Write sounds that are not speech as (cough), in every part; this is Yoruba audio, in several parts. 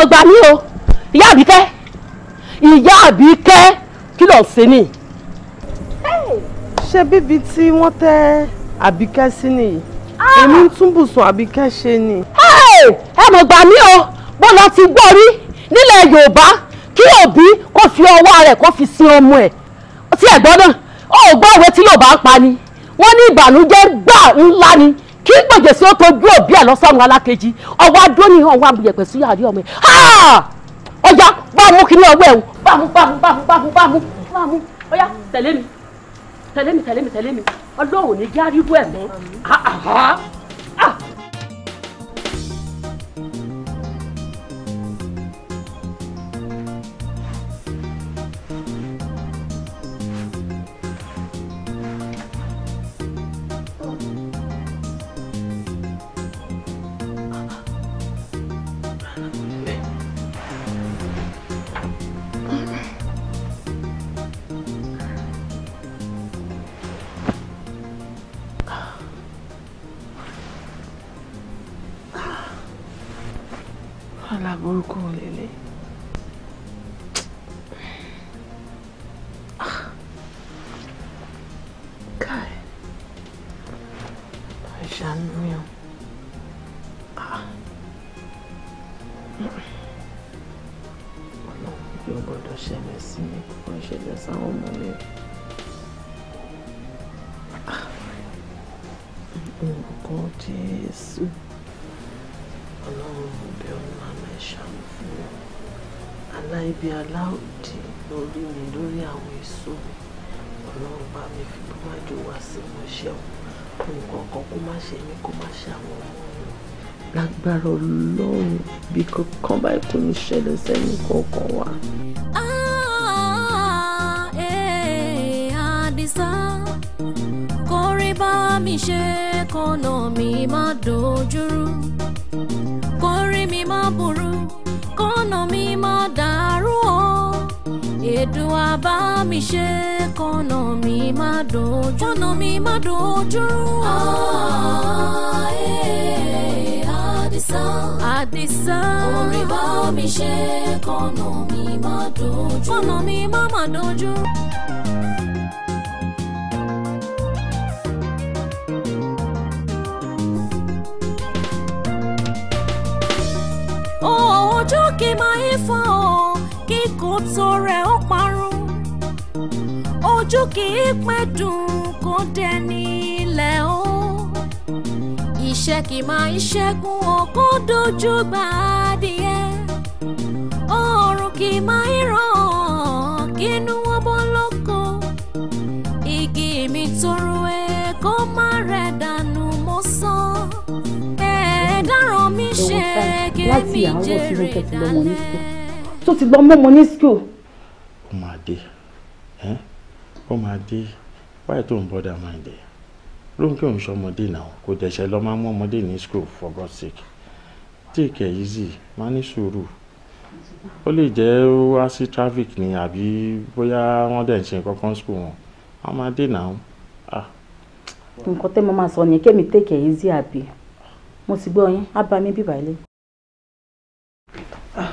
wo gbà mí o ìyá àbíkẹ́ ìyá àbíkẹ́ kí ló ń ṣe ni. ṣé bíbi tí wọ́n tẹ́ àbíkẹ́ sí nìyí ah! èmi ń túbù sùn àbíkẹ́ ṣe ni. ẹ mọ̀ gbà mí o bó lọ ti gbọ́ rí nílẹ̀ yorùbá kí òbí kó fi ọwọ́ rẹ̀ kó fi sin ọmọ ẹ̀ tí ẹ̀gbọ́n náà ó gbọ́ òwe tí yorùbá ń pa ni wọ́n ní ìbànújẹ́ gbà ńlá ni kí gbèjè sí ó tojú òbí ẹ̀ lọ́sọ̀run alákejì ọwọ́ adó ni ọwọ́ amúyẹ̀pẹ̀ sí àrí ọmọ ẹ̀ ọjà bá mú kí ní ọwọ́ ẹ̀ bá mú bá mú bá mú bá mú bá mú bá mú ọyá tẹ̀lé mi tẹ̀lé mi tẹ̀lé mi tẹ̀lé mi ọlọ́run ní járí rú ẹ̀ mọ́ lágbára ọlọ́run bí kankan báyìí kò ní ṣẹlẹ̀ sẹ́yìn kankan wa. mi ṣe kọ́nà mi má dojúrú kò rí mi má burú kọ́nà mi má dàrú o èdò àbá mi ṣe kọ́nà mi má dojú kọ́nà mi má dojúrú o àdìsán. àdìsán. orin bá omi ṣe kọ́nà mi má dojú. kọ́nà mi má má dojú. ojú kì máa ń fọ́ ọ kíkó tó rẹ̀ ó parun ojú kì í pẹ́ dùn kó dẹni iṣẹ́ kì máa ń ṣẹ́gun òkú dojú gbà adìẹ oòrùn kì máa ń ràn kínú wọn bọ́ lóko igi mi toro ẹ kó má rẹ̀ dànù mo sọ ẹ̀ẹ́dáràn mi ṣe kémi jèrè dálẹ̀. tó ti gbọ́ mọ́mọ́ ní school. ó máa dé ó máa dé wáyé tó ń bọ́dà máa dé. Ronke òun ṣọmọdé náà kò dẹ̀ṣẹ̀ lọ máa mú ọmọdé ní school for God's sake take it easy má ní sùúrù ó lè jẹ́ wá sí traffic ni àbí bóyá wọ́n dẹ̀ ń ṣe nǹkan kan school wọn wọ́n náà ah. nǹkan tẹ́ mo máa sọ nìyẹn kémi take it easy àbí mo ti gbọ́ yín á bá mi bíbá ilé. Ah,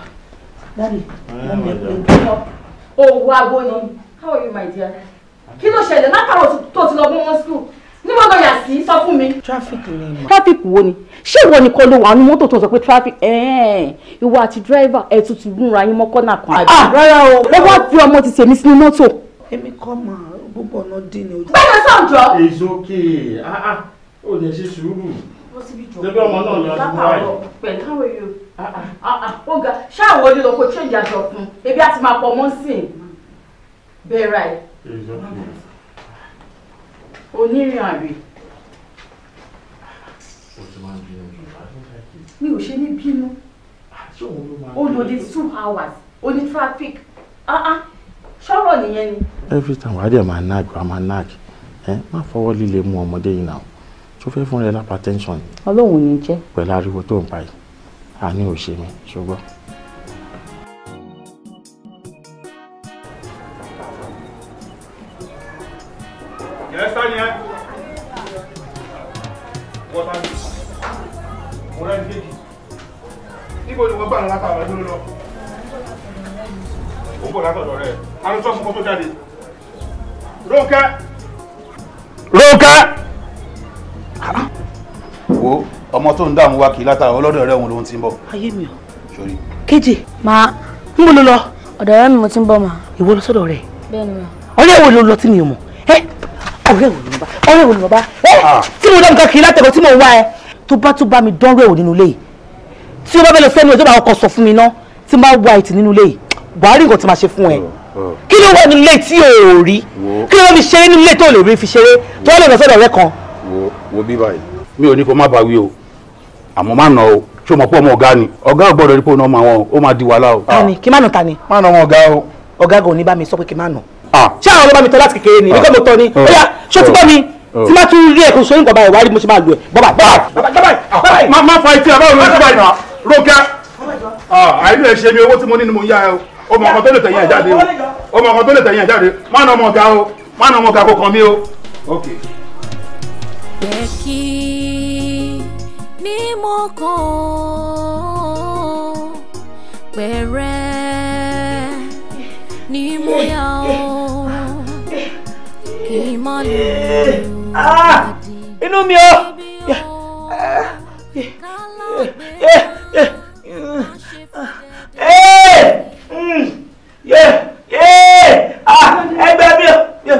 Daddy, mommy, wake up. Oh, wow, going on. How are you, my dear? Kí ló ṣẹlẹ̀ látàrọ̀ tó ti lọ gbé wọn school? níbo lọ yà sí sọ fún mi. traffic ni mà. traffic wo ni ṣé ìwọ nìkan ló wà ní mọ́tò tó sọ pé traffic ìwọ àti driver ẹ̀ tún ti gúnra yín mọ́ kọ́nà kan. Ah, rárá o. mo wá fi ọmọ ti tèmi sínú mọ́tò. èmi kọ́ mà gbogbo ọ̀nà dín ni. bẹ́ẹ̀ sọ̀jọ́. it's okay ah, ah, ó lè ṣe sùúrù lórí ọmọ náà lọ sí wáyé. pẹ̀lú àwọn èèyàn ọ̀gá ṣáà wọlé lọ kó change aṣọ fún ebi àti máa pọ̀ mọ́ sí i bẹ́ẹ̀ ra ẹ̀ onírìn àrè. mi ò ṣe ní bínú ó lòdì two hours ó traffic ṣọ́rọ̀ nìyẹn ni. every time wàá dẹ̀ máa nag wàá máa nag ẹ má fọwọ́ líle mú ọmọdé yìí náà tó fẹ́ fún rẹ lápá tẹ́ńsọ̀n. ọlọ́run ní jẹ́. pẹ̀lú ariwo tó ń pa yìí àní ò ṣe mi ṣùgbọ́n. tó ń dààmú wa kì í látara ọlọ́dọ̀ rẹ òun ló ń ti bọ̀. ayé mi o. sori. kejì máa ń bolo lọ. ọ̀dọ̀ ọ̀rẹ́ mi mo ti ń bọ̀ mà. ìwọ lọ sọ́dọ̀ rẹ̀. bẹ́ẹ̀ni ma. ọ̀rẹ́ wo ló lọ tí mi ò mọ̀ ẹ́ ọ̀rẹ́ wo ló lọ bá ọ̀rẹ́ wo ló lọ bá ẹ́ ah. tí mo dọ́nkan kì í látẹ̀kọ́ tí mo wá ẹ tó bá tó bá mi dánwó ẹ̀wò nínú ilé yìí tí o bá bẹ́ẹ̀ lọ sẹ́ni ọjọ́ bá ọkọ̀ sọ fún mi ná tí n bá wá ìtì nínú ilé yìí buhari nǹkan ti máa ṣe fún ẹ oh, oh. kí ló wà nínú ilé tí o ò rí kí ló wà fi ṣeré nínú ilé tó lè rí fi ṣeré tó lè lọ sọ́dọ̀ ọ̀rẹ́ kan. wo wo bí báyìí mi ò ní kó má bá wí o àmọ́ má nà o ṣé o mọ̀ pé ọmọ ọ̀gá ni ọ̀gá ò gbọ́dọ̀ rí pé òun ọmọ àwọn ó máa di wàhálà o. tani kí má nà tani. má nà wọn ọ̀gá o. ọ̀gá gan ò ní bá mi sọ pé kí má nà. ṣé àwọn ọlọ́ba mi tọ́ láti kékeré ni nígbà mo tọ́ ni ó yá ṣó ti bọ́ mi tí má tún rí ẹ̀kọ́ sóyún kọ̀ọ̀bá ìwádìí mo ṣe máa lù ẹ̀ bọ́bà bọ́bà. má fa etí àbáwọ̀ lórí bíbá ìnà rókẹ́ àìlú ẹ̀ ṣe mi owó tí mo ní ni mo ń yá ẹ o ọmọ ọkọ tó lè tẹ̀yìn ẹ̀ jáde o ọmọ ọkọ tó lè tẹ̀yìn ẹ̀ jáde má nà ọmọ ọ̀gá o má nà ọmọ ọ̀gá kó kàn mí o mọ́kàn pẹ̀rẹ́ ni mo yà ọ́ kì í má mi o. ẹgbẹ́ mi o.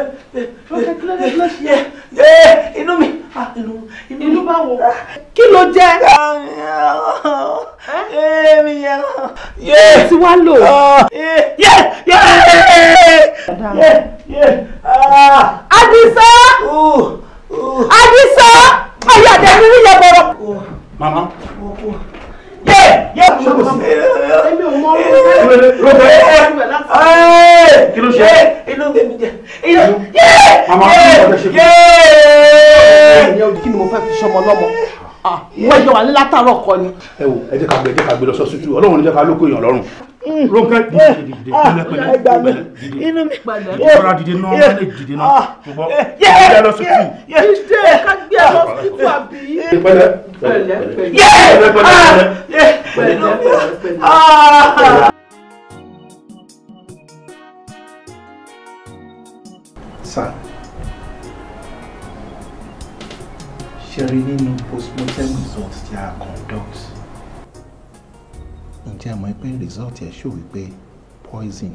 Rónkẹ́ kí ló dé kí ló ṣe? Inú mi, inú bá wò. Ah, kí ló jẹ́? Èmi yẹn. Yé ti wá lò. Ah, yé yé. Yé yé. Adisa. Adisa. Ayé àdẹ̀mí mi yẹ bọ̀rọ̀. Mama kí ló ṣe kí ni mo fẹ́ fi ṣọmọ ah, ẹ wo ẹ jẹ́ ká gbé ẹ jẹ́ ká gbé lọ sọ́sítù ọlọ́run ní jẹ́ ká lóko èèyàn lọ́rùn. Ronke dìde dìde dìde pẹ̀lẹ́ ẹgbà mi inú mi padà ìfọra dìde náà wọn lè dìde náà ah, ṣùgbọ́n ìdílé lọ sókè. ìdílé ká gbé lọ ah. síkú àbí. pẹ̀lẹ́ pẹ̀lẹ́ pẹ̀lẹ́ pẹ̀lẹ́ pẹ̀lẹ́. sir ṣe rí nínú postmortem results tí a conduct jẹ́ àmọ́ pé result ẹ̀ ṣò wípé poison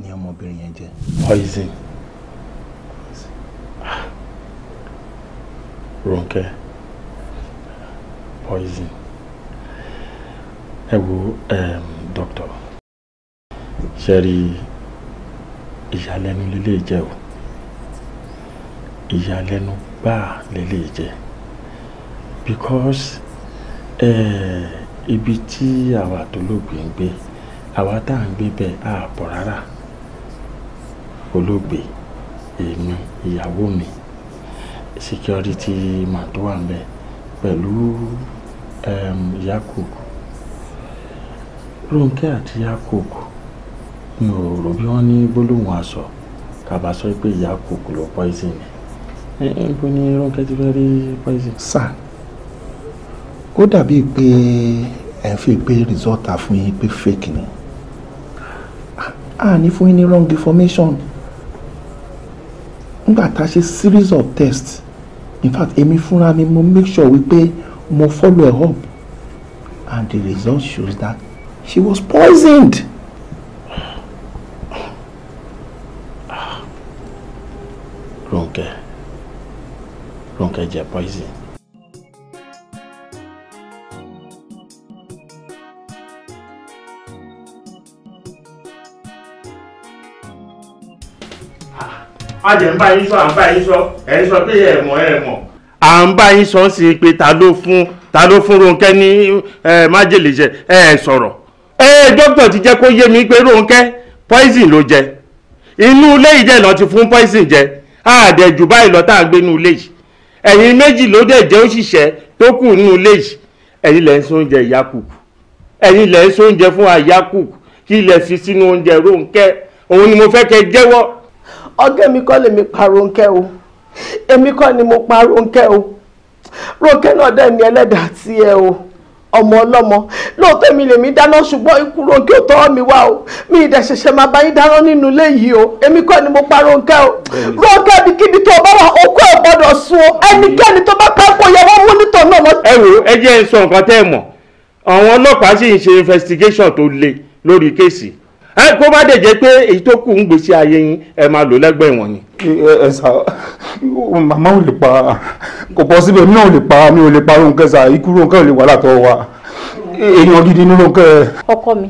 ni ọmọbìnrin yẹn jẹ. poison Ronke poison ẹ wo um, doctor ṣe rí ìyàlẹ́nu lílé jẹ́ o ìyàlẹ́nu gbáà lílé jẹ́ because. Uh, ibi tí àwa àtolóògbé ń gbé àwa tá à ń gbé bẹ́ẹ̀ á pọ̀ rárá olóògbé èmi ìyàwó mi security man tó wà níbẹ̀ pẹ̀lú ehm, Yakub Rónkẹ́ àti Yakub mi ò rò bí wọ́n ní gbólóhùn aṣọ kàbá sọ pé Yakub ló poison ni níbo ni Rónkẹ́ ti fẹ́ rí poison. sir ó dàbíi pé. Pe ẹ̀ ń fi pé result ta fún yín pé fake ni a ní fún yín ní wrong information nígbà tá a ṣe series of tests in fact èmi fúnra mi mo make sure wípé mo follow her up and the result shows that she was poisoned. Ronke Ronke jẹ poison. a jẹ́ ń bá yín sọ à ń bá yín sọ ẹ̀ ń sọ pé ẹ̀ mọ̀ ẹ̀ mọ̀. à ń bá yín sọ sí pé ta ló fún ta ló fún Rónkẹ́ ní májèlé jẹ ẹ sọ̀rọ̀ ẹ dókítà ti jẹ́ kó yé mi pé Rónkẹ́ poison ló jẹ inú ilé yìí dẹ̀ lọ ti fún poison jẹ àdẹ̀jù báyìí lọ tá à ń gbé inú ilé yìí ẹ̀yin méjì ló dẹ̀ jẹ́ òṣìṣẹ́ tó kù nínú ilé yìí ẹ̀yin lẹ́ ń sọ oúnjẹ ìyá kùkù ẹ̀yin lẹ́ ń sọ oúnjẹ fún àyà kùkù kí ilẹ̀ fi sínú oúnjẹ Rónkẹ́ òun ni mo fẹ́ kẹ́ jẹ́wọ́ ọ̀gá mi kọ́ lèmi pa Rónkẹ́ o èmi kọ́ ni mo pa Rónkẹ́ o Rónkẹ́ náà dẹ̀ ní ẹlẹ́dàá tí ẹ o ọmọ ọlọ́mọ lóòótọ́ èmi lèmi dáná ṣùgbọ́n ikú Rónkẹ́ ò tọ́wọ́ mi wá o mi ì dẹ̀ ṣẹ̀ṣẹ̀ máa bá yín dáná nínú ilé yìí o èmi kọ́ ni mo pa Rónkẹ́ o Rónkẹ́ ibikíbi tó bá wà okú ẹ̀ gbọ́dọ̀ sun o ẹnikẹ́ni tó bá pẹ́ kó yẹ wọ́n mú nítorí náà wọ́n. ẹ wo ẹ jẹ́ sọ nǹkan tẹ́ ẹ mọ̀ àwọn ọlọ́pàá sì ń ṣe investigation tó le lórí kéèsì ẹ kó bá dẹ̀ jẹ́ pé èyí tó kù ń gbèsè ayé yín ẹ máa lò lẹ́gbẹ̀ẹ́ wọn ni. ẹ sà màmá ò lè pa kò bọ́ síbẹ̀ mi náà ò lè pa mi ò lè pa Rónkẹ́ sà ikú Rónkẹ́ ò lè wà látọ̀ wa èèyàn gidi ní Rónkẹ́. ọkọ mi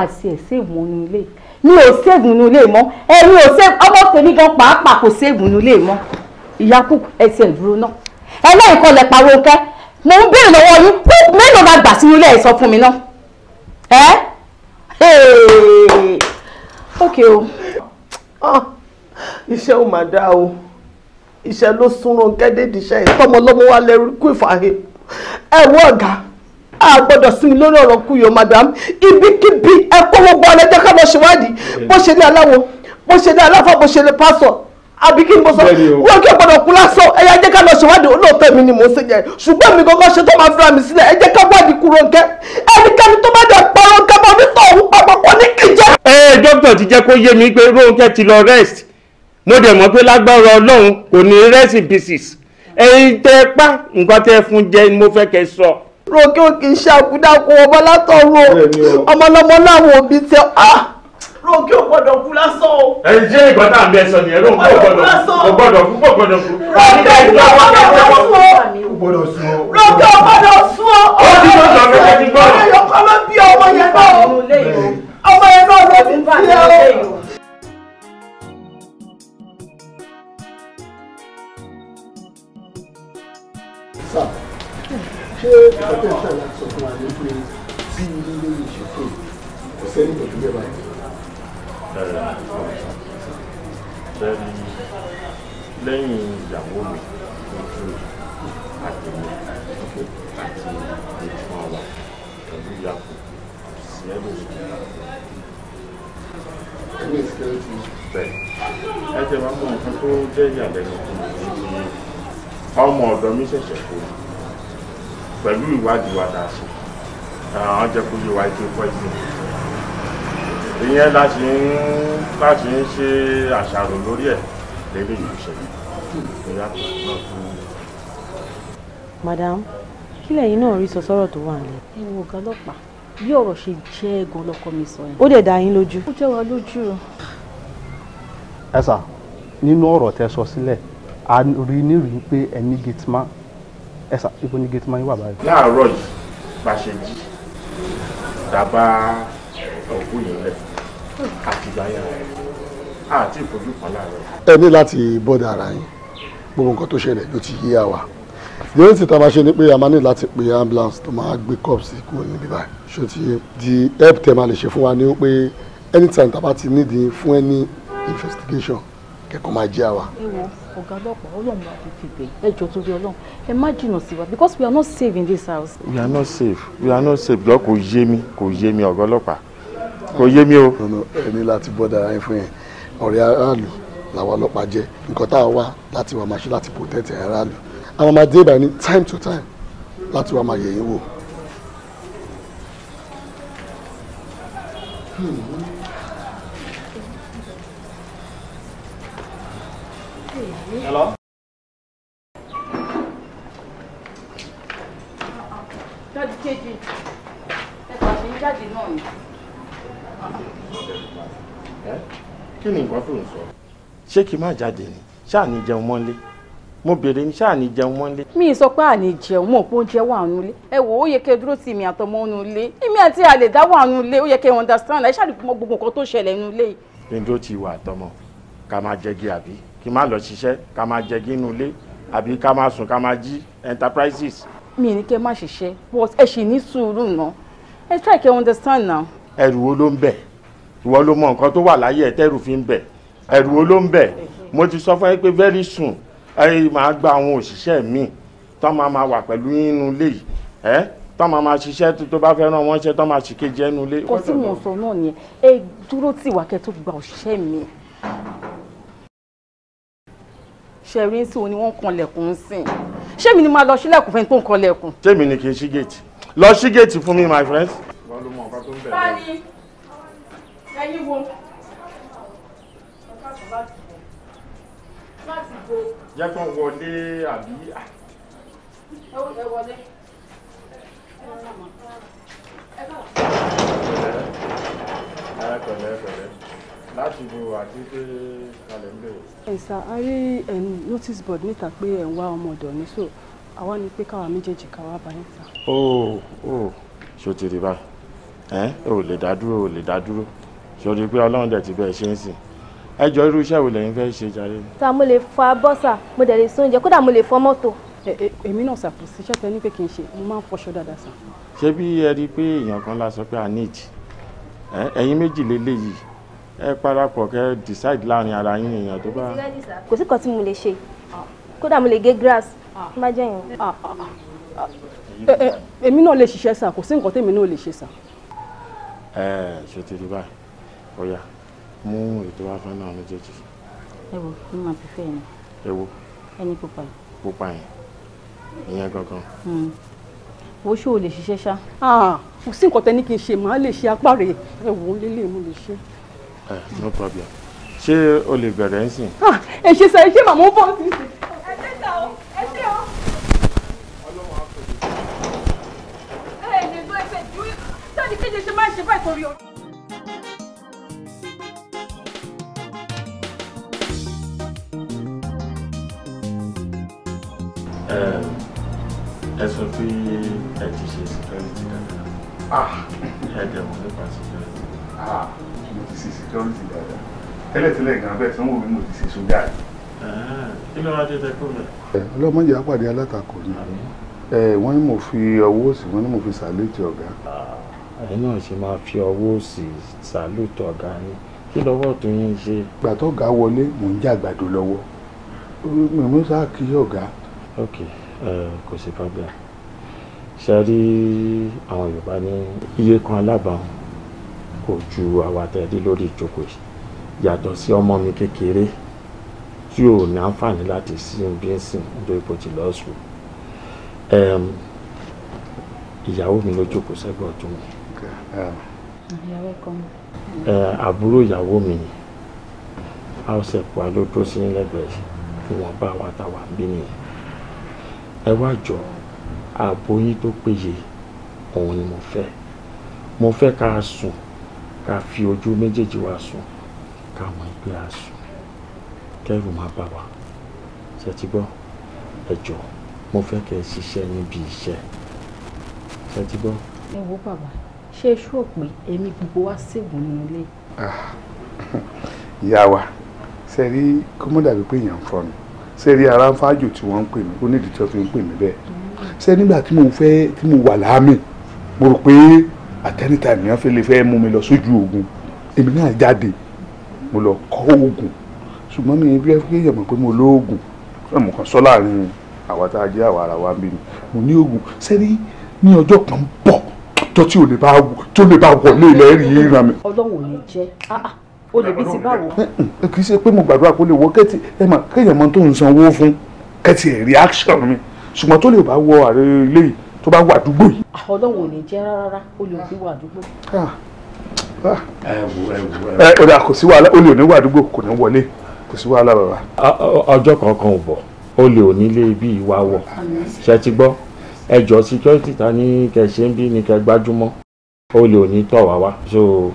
àti ẹ̀sẹ̀ ìmọ̀nù ilé mi ò ṣègùn ní ilé mọ́ ẹ̀yin ò ṣègùn ọmọ tèmi gan pàápàá kò ṣègùn ní ilé mọ́ ìyá kù ẹsẹ̀ ìdúró náà ẹlẹ́yìn kan lẹ̀ pa Rónkẹ́ mo ń béèrè lọ́wọ́ yín mélòó ókè o oh. ah, iṣẹ́ ò mà dáa o iṣẹ́ ló súnrun gẹ́dẹ́dì iṣẹ́ yìí tọmọlọ́mọ wa lẹ́rú kú ìfàhìn ẹ̀wọ́ ọ̀gá a gbọ́dọ̀ sinmi lórí ọ̀rọ̀ kú yòó madam ibikíbi ẹ̀kọ́ gbogbo ọ̀rẹ́jẹ́ ká lọ ṣèwádìí bó ṣe ní aláwo bó ṣe ní aláfà bó ṣe ní pásọ̀ àbí kí n bọ sọ wọn kí ọgbọdọ kú lásán ẹyà jẹ́ ká lọ ṣèwádìí olóòótọ́ mi ni mò ń ṣe yẹn ṣùgbọ́n mi kankan ṣe tó máa fura mi sílẹ̀ ẹ jẹ́ ká wádìí kúrò nkẹ ẹnikẹ́ni tó bá jẹ pọrọ nkẹ bọ nítorí òun papọ̀ kò ní kí jẹ. ẹ ẹ dókítà ti jẹ́ kó yé mi pé Rónkẹ́ ti lọ rest mo dẹ̀ mọ̀ pé lágbára Ọlọ́run kò ní rest in pieces ẹ̀yin tẹ́ pa nǹkan tẹ́ fún jẹ ni mo fẹ́ kẹ́ sọ. Rónkẹ́ ò kì í ṣe àkúdàkùn ọmọ látọ̀run ọmọlọmọ láwọn òbí tẹ ah Rògí ò gbọ́dọ̀ kú lásán o. Ẹ jẹ́ ìgbà tá à ń bẹ sọ nìyẹn ló ń kó gbọ́dọ̀ kó gbọ́dọ̀ kú kó gbọ́dọ̀ kú. Rògí ò gbọ́dọ̀ sún o. Rògí ò gbọ́dọ̀ sún o. Ó ti tó sọ pé kẹ́kí gbọ́dọ̀. Ọmọ yẹn kọ́ ló bí ọmọ yẹn náà. Ọmọ yẹn náà ló ti bí o. ṣé ìfọ̀tẹ́ńtà láti sọ fún wa ní pé tí ilé ìṣètò kò sẹ́ni pẹ̀lú bẹ́ẹ̀ báyìí sẹ́ni lẹ́yìn ìyàwó mi ojú àtẹ̀mí àti ojú àwa pẹ̀lú ìyàpò sí ẹlòmí. bẹ́ẹ̀ ẹ jẹ́ máa mọ nǹkan tó jẹ́ ìyàlẹ́nu fún mi níbi ọmọ ọ̀dọ́ mi ṣẹ̀ṣẹ̀ kú pẹ̀lú ìwádìí wa dáa sí àwọn jẹ́ kó yẹ wá ike pọ́ìsì ìyẹn láti ń láti ń ṣe àṣàrò lórí ẹ̀ lélẹ́ yìí ṣẹlẹ̀ ìyá tó náà fún un. madam kí lẹ́yìn náà rí sọ sọ́rọ̀ tó wà nílẹ̀. ẹ wo ọ̀gá ọlọ́pàá bí ọ̀rọ̀ ṣe jẹ́ ẹ̀gàn lọkọ mi sọ yẹn. ó dẹ̀ dá yín lójú. ó jẹ́ wa lójú. ẹ nínú ọ̀rọ̀ tẹ sọ sílẹ̀ a rí nírìí pé ẹ ní gitman ibo ní gitman yín wà báyìí. láàárọ̀ yìí bá ṣe jí tá òkú yìí lẹ̀ àtìgbà yẹn àti ìfojú kan láàárọ̀. ẹ ní láti bọ́dà ara yín gbogbo nǹkan tó ṣẹlẹ̀ ló ti yé àwa yóò sì tàbá ṣe ni pé a máa ní láti pe ambulance tó máa gbé cups kúrò níbí báyìí ṣó ti di help tẹ máa lè ṣe fún wa ni pé anytime tàbá ti nídìí fún any investigation kẹ́kọ̀ọ́ máa jẹ́ àwa. ẹ wo ọ̀gá ọlọ́pàá ọlọ́run máa fi fìgbẹ́ ẹ jọ torí ọlọ́run ẹ má jìnnà sí wa because we are not safe in this house. we are not safe we are not safe lọ kò yé mi kò yé mi ọ̀gá ọlọ́pàá kò yé mi o. ẹni láti bọ́ dára yín fún yẹn ọ̀rẹ́ aráàlú làwọn ọlọ́pàá jẹ́ nǹkan tá a wá láti wà máa ṣe láti protect aráàlú àwọn máa dé ìbàní time to time láti wà máa yẹ̀yìn wò. Hello? Jáde kejì, ẹ pàṣẹ jáde náà ni kí ni nǹkan tó ń sọ ṣé kí n má jáde ni ṣáà ní jẹun mọ́lé mo béèrè ní ṣáà ní jẹun mọ́lé. mi sọ pé àní jẹun mọ̀ pé oúnjẹ wà nù ilé ẹ wò ó yẹ kí ẹ dúró ti mi àtọmọ nù ilé àti àlè dá wà nù ó yẹ kí ẹ understand ẹ ṣáà mọ gbogbo nǹkan tó ṣẹlẹ̀ nù ilé. kí n tó ti wà àtọmọ ká máa jẹgi àbí kí n má lọ ṣiṣẹ́ ká máa jẹgi nù àbí ká máa sùn ká máa jí enterprises. mi ní kí ẹ má ṣiṣẹ́ but ẹ ṣì ní sùúrù náà ẹ try kí understand now. ẹrù wo ló ń bẹ̀ẹ́ ìwọ ló mọ nǹkan tó wà láyé ẹ tẹrù fi ń bẹ ẹrù wo ló ń bẹ mo ti sọ fún ẹ pé very soon ẹ máa gba àwọn òṣìṣẹ́ mi tán máa máa wà pẹ̀lú nínú ilé yìí ẹ tán máa máa ṣiṣẹ́ tó bá fẹ́ ràn wọ́n ṣe tán máa ṣì kejì ẹnu ilé. kò sí mò ń sọ náà ni ẹ dúró tì wá kẹ́ tó gba òṣìṣẹ́ mi. ṣẹ̀rí ń sìn òun ni wọ́n kan lẹ̀kùn ń sìn ṣé mi ni máa lọ sílẹ̀kùn fẹ́ni tó ń kan lẹ̀kùn. ṣé mi ni kì í ṣí gèètì lọ ṣí gèètì fún mi my friend. wọ́n ló mọ nǹkan tó ń bẹ̀rẹ̀ ẹyin wo láti bo. jẹ́ kó wọlé àbí. ẹ wọlé. ẹ pẹ̀lẹ́ pẹ̀lẹ́ láti bo àti pé kalẹ̀ ń bẹ̀rẹ̀. ẹ sá a rí notice board níta pé ẹ̀ ń wá ọmọ ọ̀dọ̀ ní so àwa ni pé káwa méjèèjì káwa bá yín sá. ó ó ṣó ti ẹ ò lè dá dúró ò lè dá dúró sọ̀rọ̀ pé ọlọ́run dẹ̀ ti bẹ̀ ṣe ń sìn ẹ jọ irú iṣẹ́ wo lẹ́yìn fẹ́ ṣe jàre. ta mo lè fọ abọ́sà mo dẹ̀ lè sún oúnjẹ kódà mo lè fọ mọ́tò. èmi náà sà kò sí iṣẹ́ tẹ ní pé kì í ṣe mo máa ń fọṣọ dáadáa sà. ṣé bí ẹ rí i pé èèyàn kan la pé i need méjì lélẹ́yìí ẹ parapọ̀ kẹ́ decide láàrin ara yín èèyàn tó bá. kò sí kan tí mo lè ṣe kódà mo lè gé grass má jẹ́ yẹn. èmi náà lè ṣiṣẹ́ sà kò sí nǹkan tèmi náà lè ṣe sà. ẹ ṣètìlú báyìí ọ̀yà mú ètò wá fún náà méjèèjì. ẹ wo kí n máa fi fẹ́ ẹni. ẹ wo. ẹni pupa yìí. pupa yìí ìyẹn gangan. Hmm. wo ṣó o lè ṣiṣẹ́ ṣá. kò sí nǹkan tẹ́ni kì í ṣe màá lè ṣe apá rẹ̀ ẹ wò ó lélẹ̀ mo lè ṣe. ẹ no problem ṣé o lè bẹ̀rẹ̀ ń sìn. ẹ ṣe sẹ́yìn ṣé màmú bọ́ sí i. Thank you. sọ pé ẹ ti ṣe security dáadáa ah. ẹ dẹ̀ mọ̀ nípa security. Ah, mo ti ṣe security dáadáa tẹ́lẹ̀tẹ́lẹ̀ gan bẹ́ẹ̀ tí wọ́n wò mí mo ti ṣe sójà yìí. kí ló wá dé tẹ́kọ̀ mẹ́. ọlọ́mọdé apàdé alátakò ni wọ́n ní mo fi ọwọ́ òsì wọ́n ní mo fi sàlẹ́tì ọ̀gá. Ah. ẹ̀yin náà ṣe máa fi ọwọ́ òsì sàlẹ́tì ọ̀gá ni kí lọ́wọ́ tó yín ṣe. ìgbà tó ga wọlé mò ń jẹ àgbàdo lọ́wọ́ mímú sáà kí ọ̀gá. ok kò sí problem ṣe rí àwọn Yorùbá ní iye kan alábàáhùn kò ju àwa tẹ̀rí lórí ìjókòó yìí yàtọ̀ sí ọmọ mi kékeré tí ò ní àǹfààní láti sin bí ń sìn nítorí kò ti lọ sùn ìyàwó mi ló jókòó sẹ́gbẹ̀ ọ̀tún mi àbúrò ìyàwó mi ni house ẹ̀pọ̀ ló dó sí lẹ́gbẹ̀ẹ́ ìwọ̀nba àwa táwa bí nìyẹn ẹ wá jọ ààbò yín tó péye òun ni mo fẹ́ mo fẹ́ ká a sùn ká a fi ojú méjèèjì wa sùn ká a mọ̀ pé a sùn kẹ́rù má bà wá ṣe ti gbọ́ ẹ jọ̀ọ́ mo fẹ́ kẹ́ ẹ ṣiṣẹ́ níbi iṣẹ́ ṣe ti gbọ́. ẹ wo bàbá ṣe iṣu òpè èmi gbogbo wa ṣègùn nínú ilé. Ah, ìyá wa ṣe rí kọ́mọ́dà bíi pé èèyàn ń fọnù ṣe rí ara ń fájò tí wọ́n ń pè mí ó nídìí tí wọ́n fi ń pè mí bẹ́ẹ̀ ṣé nígbà tí mo fẹ́ tí mo wà láàmì mo rò pé àtẹnità ènìyàn fẹ́ lè fẹ́ mú mi lọ sójú ogun èmi náà jáde mo lọ kọ́ oògùn ṣùgbọ́n mi bí ẹ fi yẹ̀mọ̀ pé mo lóògùn ṣé mo kàn sọ láàrin àwa tá a jẹ́ àwa ara wa bí mi mo ní oògùn sẹ́ni ní ọjọ́ kan bọ̀ tó tí o lè bá tó lè bá wọlé ilẹ̀ rí ìran mi. ọlọ́run ò jẹ́ ah, ah. o lè bí ti báwo. kì í ṣe pé mo gbàdúrà kó lè wọ kẹ́tì ẹ̀ mà kéèyàn mọ tó ń sanwó fún kẹ́tì ẹ̀ reaction mi ṣùgbọ́n tó lè bá wọ ààrẹ ilé yìí tó bá wà àdúgbò yìí. Ah, ọlọ́wọ́ ò ní jẹ́ rárá ó lè fi wà àdúgbò. Ah, ah. ẹ eh, ọ̀dà kò sí wàhálà ó lè ní wà àdúgbò kò ní wọlé kò sí wàhálà bàbá. ọjọ́ kankan ò bọ̀ ó lè ò nílé ibi ìwà wọ̀ ṣe ti gbọ́ ẹjọ́ security ta ní kẹ̀ṣẹ́ ń bí ni kẹ́ gbájúmọ́ ó lè ò ní tọ̀ wá wá so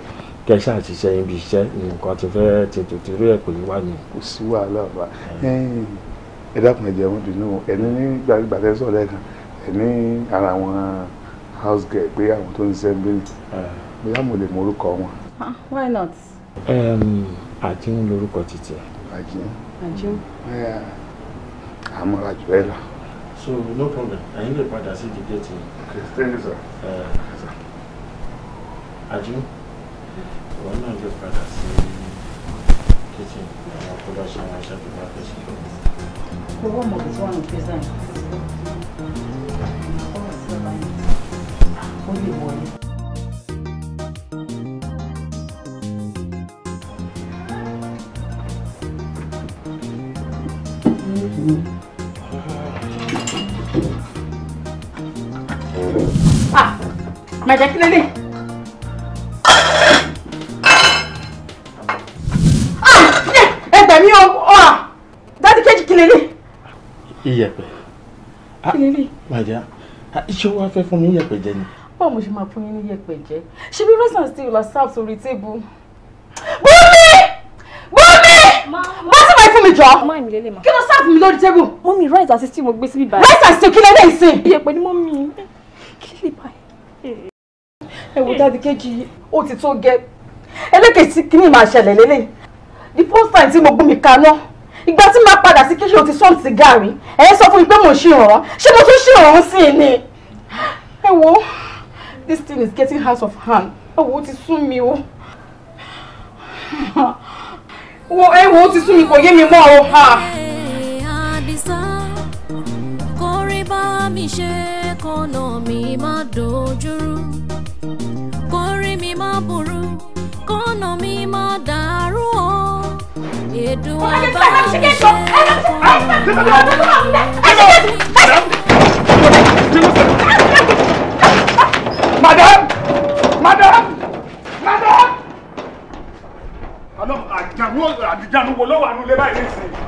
kẹsà àṣìṣe ibi iṣẹ́ nǹkan ti fẹ́ tètè torí ẹ̀ pé wá ní. kò sí wàhálà bàbá ẹ dákun ẹ̀jẹ̀ wọn dùnú ẹni nígbà nígbà tẹ́ sọ̀rọ̀ ẹ̀kan ẹni ara àwọn house girl pé àwọn tó ń ṣe ń bílẹ̀ bóyá mo lè mọ orúkọ wọn. Ah, why not. àjíhùn lorúkọ títí. àjíhùn. àjíhùn. àmọ́ra jù ẹ lọ. so no problem ẹ̀yin lè padà sí di gate yẹn. okay thank you sir. Eh, àjíhùn ìwọ náà lè padà sí kitchen àwọn akọ́lọ́ṣẹ́ àwọn aṣáájú bá fẹ́ ṣe. По-моему, Руслану признать. По-любому. Ah, Madame Clélie. iyẹ̀pẹ̀ ah, kílélẹ̀ màjá ah, iṣẹ́ wa fẹ́ fún mi iyẹ̀pẹ̀ jẹ ni. báwo mo ṣe máa fún yín ní iyẹ̀pẹ̀ jẹ ṣé bí rice and stew la serve sórí tébù. bùnmi bùnmi bá sì máa fún mi jọ kí ló serve mi lórí tébù. mọ́mí rice àti stew mo gbé síbí báyìí. rice and stew kí ló lè sìn. iyẹ̀pẹ̀ ni mọ́mí kí lè báyìí. ẹ wo dáàdi kejì ó ti tó gẹ ẹlẹ́kẹ̀ẹ́ tí kìíní máa ṣẹlẹ̀ lélẹ̀ the first time tí mo gbọ́ mi kaná ìgbà tí máa padà sí kíṣe òtí sọ́ọ̀n ti gàrí ẹ̀ sọ fún mi pé mò ṣèrànwọ́ ṣé mo tún ṣèrànwọ́ sí i ni. ẹ wo this thing is getting out of hand ẹ wo ti sún mi o wo ẹ wo ti sún mi kò yé mi mọ́ o. àdìsá bá mi ṣe kọ́nà mi má dojúrú. Madame! Madame! Madame! Ọlọ́run àjànú àdìjànú wo lọ́wọ́ àánú lé báyìí nísìnyí.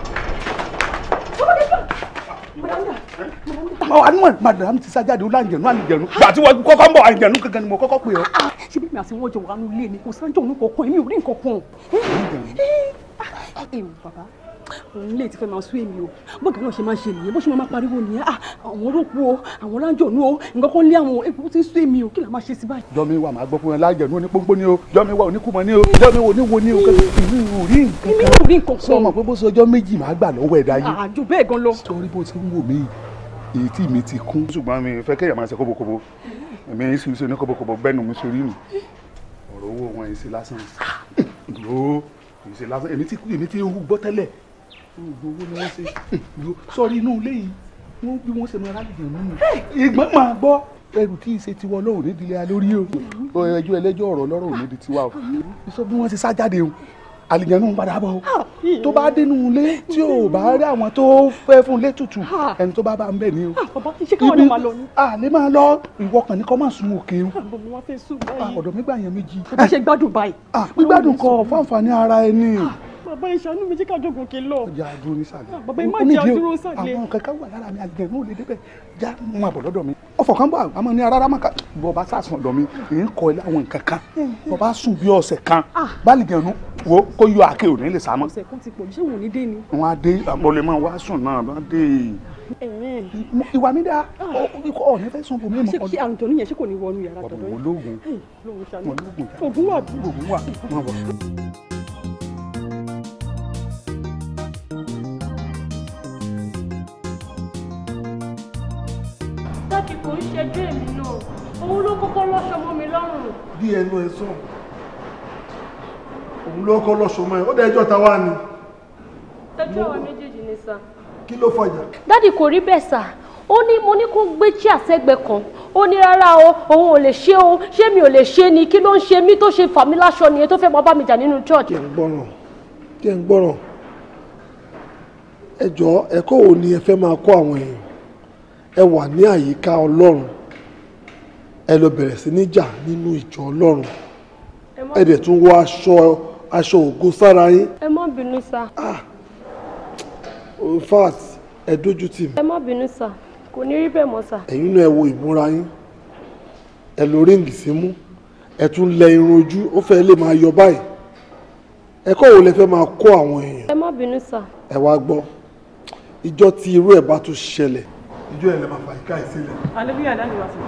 Àwọn madam ti sájáde ó láǹjẹ̀nú àǹjẹ̀nú. Àti wọ́n kọ́kọ́ ń bọ̀ àǹjẹ̀nú kankan ni mo kọ́kọ́ pè ọ́. Ṣé bí mi àti wọn jọ wà nínú ilé ni kò sáńjọ́ òun kọ̀ọ̀kan èmi ò rí nǹkan kan ewu bàbá òun lè ti fẹ́ máa sún èmi o bọ́ọ̀gá náà ṣe máa ṣe nìyẹn bó ṣe máa pariwo nìyẹn à ah, àwọn olóko o àwọn lájọ̀nú o nǹkan kan lé àwọn epo ti sún èmi o kí là máa ṣe sí báyìí. jọmi wa màá gbọ́ fún ẹ lájọ̀nú onípónpó ni o jọmi wa oníkùmọ̀ ni o jọmi wa oníwo ni o ìlú rí nǹkan kan ìlú rí nǹkan kan sọmọ pé bó ṣe ọjọ́ méjì màá gbà lọ́wọ́ ẹ̀dá yìí. àjò bẹ́ẹ̀ gan lọ. sọrí bó ti ń wò mí èyí tí mi ti kún. ṣùgbọ́n mi fẹ́ kéèyàn máa ṣe kóbókóbó èmi ń sùn sí oníkóbókóbó bẹ́ẹ̀ ni mo ṣe rí nù ọ̀rọ̀ owó wọn yìí sí lásán kì í ṣe lásán èmi tí èmi tí ń hu gbọ́ tẹ́lẹ̀ gbogbo owó ni wọ́n ṣe sọ́ọ́rí inú ilé yìí wọ́n bí wọ́n ṣe máa ráàlì jẹ̀ nínú ìgbọ́n máa gbọ́ ẹrù tí ì ṣe tiwọn lọ́wọ́ nídìí alórí o ẹjọ́ ẹlẹ́jọ́ ọ̀rọ̀ lọ́rọ̀ nídìí tiwa o sọ bí wọ́n ṣe sá jáde o àlìjẹnú padà bọ̀ ah, tó bá dénú ilé tí ò bá rí àwọn tó fẹ́ fún ilé tutù ah. ẹni tó bá bá ń bẹ̀ ni o. Ah, ibi àlè máa lọ ìwọ kàn ní kọ́ máa sun òkè o. ọ̀dọ̀ mi gbà yẹn méjì. o ti ṣe gbádùn báyìí. gbígbádùn kọ fáǹfààní ara ẹni bàbá ìṣàánú mi jẹ́ ká jọ gòkè lọ. ọjà àdúró ní sàlẹ̀. bàbá ìmọ̀ jẹ́ àdúró sàlẹ̀. àwọn kankan wà lára mi àlejò náà lè débẹ̀ já mú àbọ̀ lọ́dọ̀ mi. ọ̀fọ̀ kan bọ̀ àmọ́ ní arára máa ka bọ̀ bá sàsùn ọ̀dọ̀ mi èyí ń kọ́ ilé àwọn nǹkan kan eh, eh. bọ̀ bá sùn bí ọ̀sẹ̀ kan bá lè wo kó yọ àáké òní lè sá mọ́. ọ̀sẹ̀ kan ti pọ̀ ṣé wọn ò ní dé ni. wọn á dé àpọ̀lẹ̀ mọ́ wá sùn náà wọn á dé. ìwà mi dáa ikọ̀ ọ̀nà fẹ́ sùn bòmí mọ́. ṣé kí àrùn tó níyẹn ṣé kò ní wọnú yàrá tọ̀dọ̀ yẹn. ológun ológun ògùn wà bí. ògùn wà wọn wọ. dákì kò ń ṣẹjú èmi náà òun ló kọ́kọ́ lọ́ṣọ́ mọ́ mi lọ́rùn. bí ẹnu ẹ sọ̀rọ̀ òun ló kọ́ lọ́sùn mọ́ ẹ ó dẹ́jọ́ ta wá ni. tẹ́jọ́ àwọn méjèèjì ni sà. kí ló fọjà. dádì kò rí bẹ́ẹ̀ sà ó ní mo ní kó gbé tí àsẹ́gbẹ́ kan ó ní rárá o òun ò lè ṣe o ṣé mi ò lè ṣe ni kí ló ń ṣe mí tó ṣe fà mí láṣọ nìyẹn tó fẹ́ mọ bá mi jà nínú church. kí ẹ ń gbọ́ràn kí ẹ ń gbọ́ràn ẹ jọ ẹ̀kọ́ wo ni ẹ fẹ́ máa kọ́ àwọn èèyàn ẹ wà ní àyíká ọlọ́run ẹ lọ bẹ̀rẹ̀ sí ní jà nínú ìjọ ọlọ́run ẹ dẹ̀ tún wọ aṣọ aṣọ ògo sára yín. ẹ má bínú sá. ah in fact ẹ dójú tì mí. ẹ má bínú sá kò ní rí bẹ́ẹ̀ mọ́ sá. ẹ̀yin náà ẹ wo ìmúra yín ẹ lo ríǹgì sí mú ẹ tún lẹ irun ojú ó fẹ́ lè máa yọ báyìí ẹ̀kọ́ wo lẹ fẹ́ máa kó àwọn èèyàn. ẹ má bínú sá. ẹ wá gbọ́ ìjọ tí irú ẹ̀ bá tún ṣẹlẹ̀ ìjọ ẹ̀ lè máa fàyíká ẹ̀ sílẹ̀. aleluya dáni wá sí.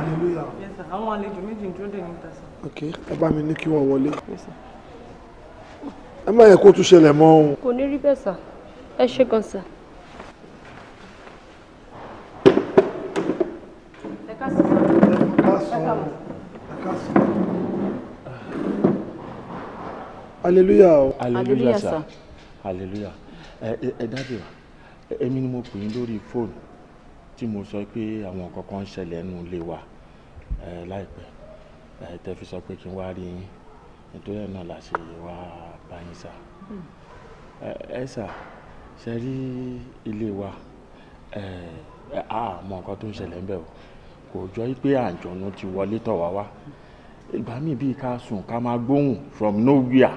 aleluya. yes sir àwọn àlejò méjì ń dúró dè ní ìta ok ẹ bá mi ní kí wọ́n wọlé. yes ẹ má yẹ kó tún ṣẹlẹ̀ mọ́ ohun. kò ní rí bẹ́ẹ̀ sà ẹ ṣe gan sà. ẹ ká sùn. ẹ ká sùn. aleluya o. aleluya sà aleluya ẹ dájú wa èmi ni mo pè yín lórí fóònù tí mo sọ pé àwọn nǹkan ṣẹlẹ̀ nínú ilé wa láìpẹ́ tẹ́ fi sọ pé kí n wá rí yín nítorí ẹ̀ náà la ṣe wá bá yín sà ẹ sà ṣe rí ilé wa a mọ nǹkan tó ń ṣẹlẹ̀ ńbẹ̀ o kò jọ pé àjọ̀nù ti wọlé tọ̀ wá wá ìgbà míì bíi ká sùn ká máa gbóhùn from nowhere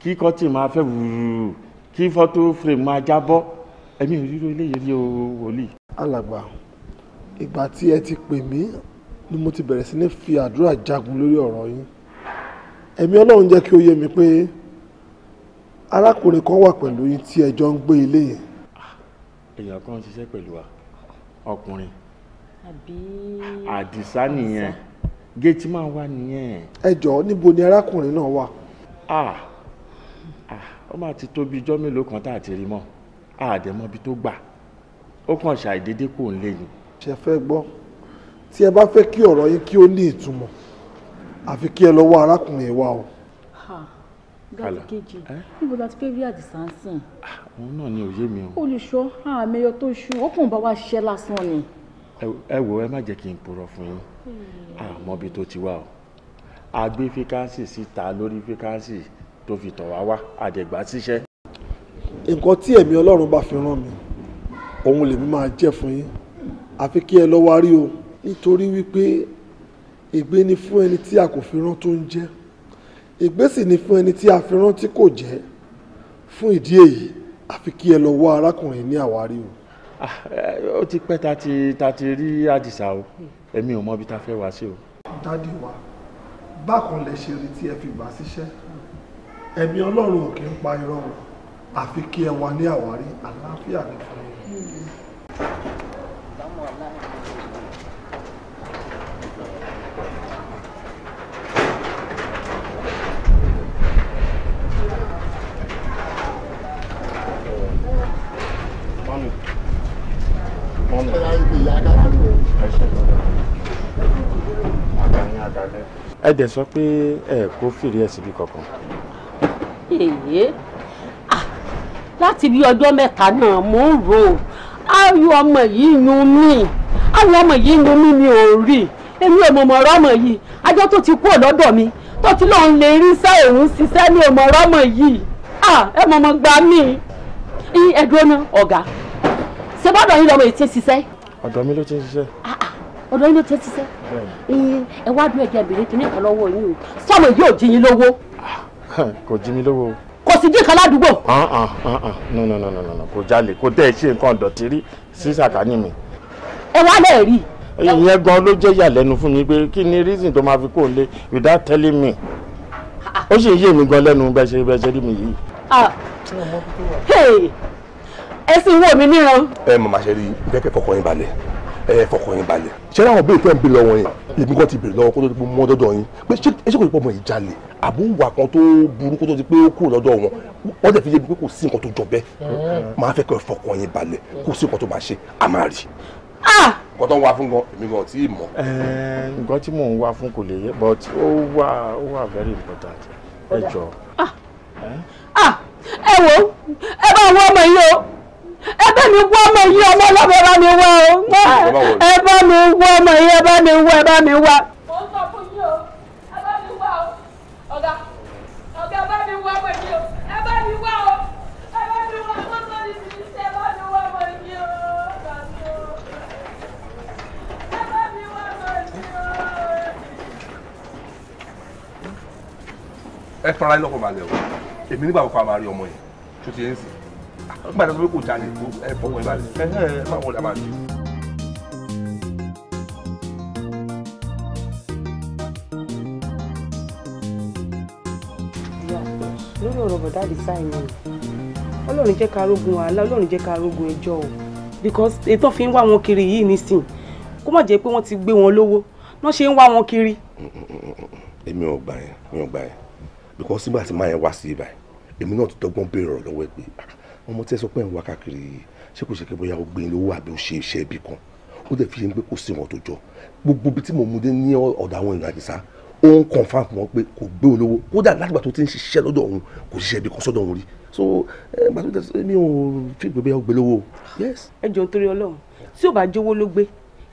kí kọ́tì máa fẹ́ wùrù kí fọ́tò frame máa jábọ́ ẹ̀mí ìrírò eléyìí rí o wòlíì. alàgbà ìgbà tí ẹ ti pè mí ni mo ti bẹ̀rẹ̀ sí ní fi àdúrà jagun lórí ọ̀rọ̀ yín ẹ̀mí ọlọ́run jẹ́ kí ó yé mi pé. Pe arákùnrin kan wà pẹ̀lú yín tí ẹ jọ ń gbé ilé yẹn. èèyàn kan ń ṣiṣẹ́ pẹ̀lú wa ọkùnrin àdìsá nìyẹn géètì máa wà nìyẹn. ẹ jọ̀ọ́ níbo ni arákùnrin náà wà. ó máa ti tó bí ijọ́ mélòó kan tá a ti rí mọ́ àdèmọ́bi tó gbà ó kàn ṣàìdédé kò ń lé ni. ṣe fẹ́ gbọ́ tí ẹ bá fẹ́ kí ọ̀rọ̀ yín kí ó ní ìtumọ̀ àfi kí ẹ lọ arákùnrin wa o. Ha ọ̀gá ti kejì níbo la ti fẹ́ rí àdìsá ń sìn. Ah, òun náà ni òye mi o. olùṣọ́ àmẹyọ tó ṣu ó kàn bá wa ṣiṣẹ́ lásán ni. ẹ wo ẹ má jẹ́ kí n purọ́ fún yín àmọ́ hmm. ibi tó ti wá o a gbé fíkánsì síta lórí fíkánsì tó fi tọ̀ wá wá àdẹ̀gbà síṣẹ́. nǹkan tí ẹ̀mí ọlọ́run bá fi rán mi òun lèmi máa jẹ́ fún yín àfi kí ẹ lọ́wọ́ rí o nítorí wípé ègbé ni fún ẹni tí a kò fi rán tó ń jẹ́ ìgbésì ni fún ẹni tí a fi rán tí kò jẹ́ fún ìdí èyí àfi kí ẹ lọ wá arákùnrin ní àwárí o. Ah, eh, ó ti pẹ́ ta ti ta ti rí àdìsá o èmi ò mọ ibi ta fẹ́ wá sí o. dádì wa bákan lè ṣe retí ẹ fi gbà síṣẹ́ ẹ̀mí ọlọ́run ò kì í pa irọ́ àfi kí ẹ wà ní àwárí àlàáfíà ní ẹ dẹ̀ sọ pé ẹ kò fìrí ẹ̀ síbi kankan. èyí láti bí ọjọ́ mẹ́ta náà mò ń rò ó ayọ̀ ọmọ yìí yún mí ayọ̀ ọmọ yìí yún mí mi ò rí èmi ò mọ̀mọ̀ ọ̀rọ̀ ọmọ yìí ajọ́ tó ti kú ọ̀dọ́dọ̀ mi tó ti lọ́n lè rí sẹ́ òun ṣiṣẹ́ ní ọmọ ọ̀rọ̀ ọmọ yìí ẹ mọ̀mọ̀ gbà mí ẹ̀dùn ọ̀nà ọ̀gá ṣe bọ́dọ̀ yín lọ́mọ ètí ṣiṣẹ́. ọ̀dọ̀ mi ló ti ń ṣiṣẹ́ ọ̀dọ̀ yín ló tẹ́ síṣẹ́ ẹ wá dún ẹ̀jẹ̀ bèrè kìíní kan lọ́wọ́ yín o sọ́mọ yóò jí yín lówó. kò jí mi lówó. kò sì dín kan ládùúgbò. Ah, ah, ah, no no no no no kò jalè kò tẹ́ ẹ ṣe nǹkan ọ̀dọ̀tí rí sí sàkání mi. ẹ wá lẹ́ẹ̀ rí. ìyẹn gan ló jẹ́ ìyàlẹ́nu fún mi pé kí ni reason tó máa fi kó o lé without telling me ó sì ń yé mi gan lẹ́nu bẹ́ẹ̀ ṣe bẹ́ẹ̀ ṣe rí mi yìí. ẹ sì wò mí níran. ẹ mọ̀ máa ṣe rí bẹ́ẹ̀ kẹ́kọ̀ọ́ yín balẹ̀ ẹ fọkàn yín balẹ̀ ṣé láwọn béèrè fẹ́ ń bí lọ́wọ́ yẹn èmi kàn ti béèrè lọ́wọ́ kó tó ti pé mọ́ dọ́dọ̀ yín pé ṣé ṣé kò ní pọ̀ mọ́ ìjalè àbó wà kan tó burú kó tó ti pé ó kúrò lọ́dọ̀ wọn wọ́n dẹ̀ fi yé mi pé kò sí nǹkan tó jọ bẹ́ẹ̀ mm. máa fẹ́ kẹ́ fọkàn yín balẹ̀ kò sí nǹkan tó máa ṣe a máa rí. Ah! nǹkan ń wá fún gan èmi gan tí ì mọ̀. nǹkan tí mò ń wá fún kò lè yé but ó wà ó wà very important ẹ jọ. Ah! Ah! ẹ wo ẹ bá wọ ọmọ yìí o ẹbẹ mi wọ ọmọ yìí ọmọ ọlọ́mọ bá mi wá o ẹ mi wọ ọmọ yìí ẹ mi wọ ẹ mi wá. ẹ fara ẹ lọ́kọ̀ balẹ̀ o èmi nígbà wo fa máa rí ọmọ yẹn tó ti yẹn sìn nígbà tó ló kò jalè kó ẹ fọwọ́ ẹ bá lè ẹ lórí ọ̀rọ̀ bọ̀dá design ni ọlọ́run jẹ́ ká rógun wàhálà ọlọ́run jẹ́ ká rógun ẹjọ́ o because ètò fi ń wá wọn kiri yìí nísìn kó má jẹ́ pé wọ́n ti gbé wọn lówó náà ṣe ń wá wọn kiri. èmi ò gbà yẹn mi ò gbà yẹn because nígbà tí máa yẹn wá sí ibà èmi náà ti dọ́gbọ́n béèrè ọ̀rọ̀ lọ́wọ́ ẹ pé ah, ọmọ tí ẹ sọ pé ń wá káàkiri yìí ṣé kò ṣe pé bóyá ó gbé e lówó àbí ó ṣe iṣẹ́ ibì kan ó dẹ̀ fi ṣe pé kò sí wọn tó jọ gbogbo ibi tí mo mú dé ní ọ̀dọ̀ àwọn èèyàn àdìsá ó ń confam wọn pé kò gbé olówó kódà látìgbà tó ti ń ṣiṣẹ́ lọ́dọ̀ òun kò ṣiṣẹ́ ibì kan sọ́dọ̀ òun rí so ẹgbà tó tẹ̀sí mi ò fi gbé bóyá ó gbé lówó yes. ẹ jọ̀ọ́ torí Ọlọ́run tí ò bá jówó ló gbé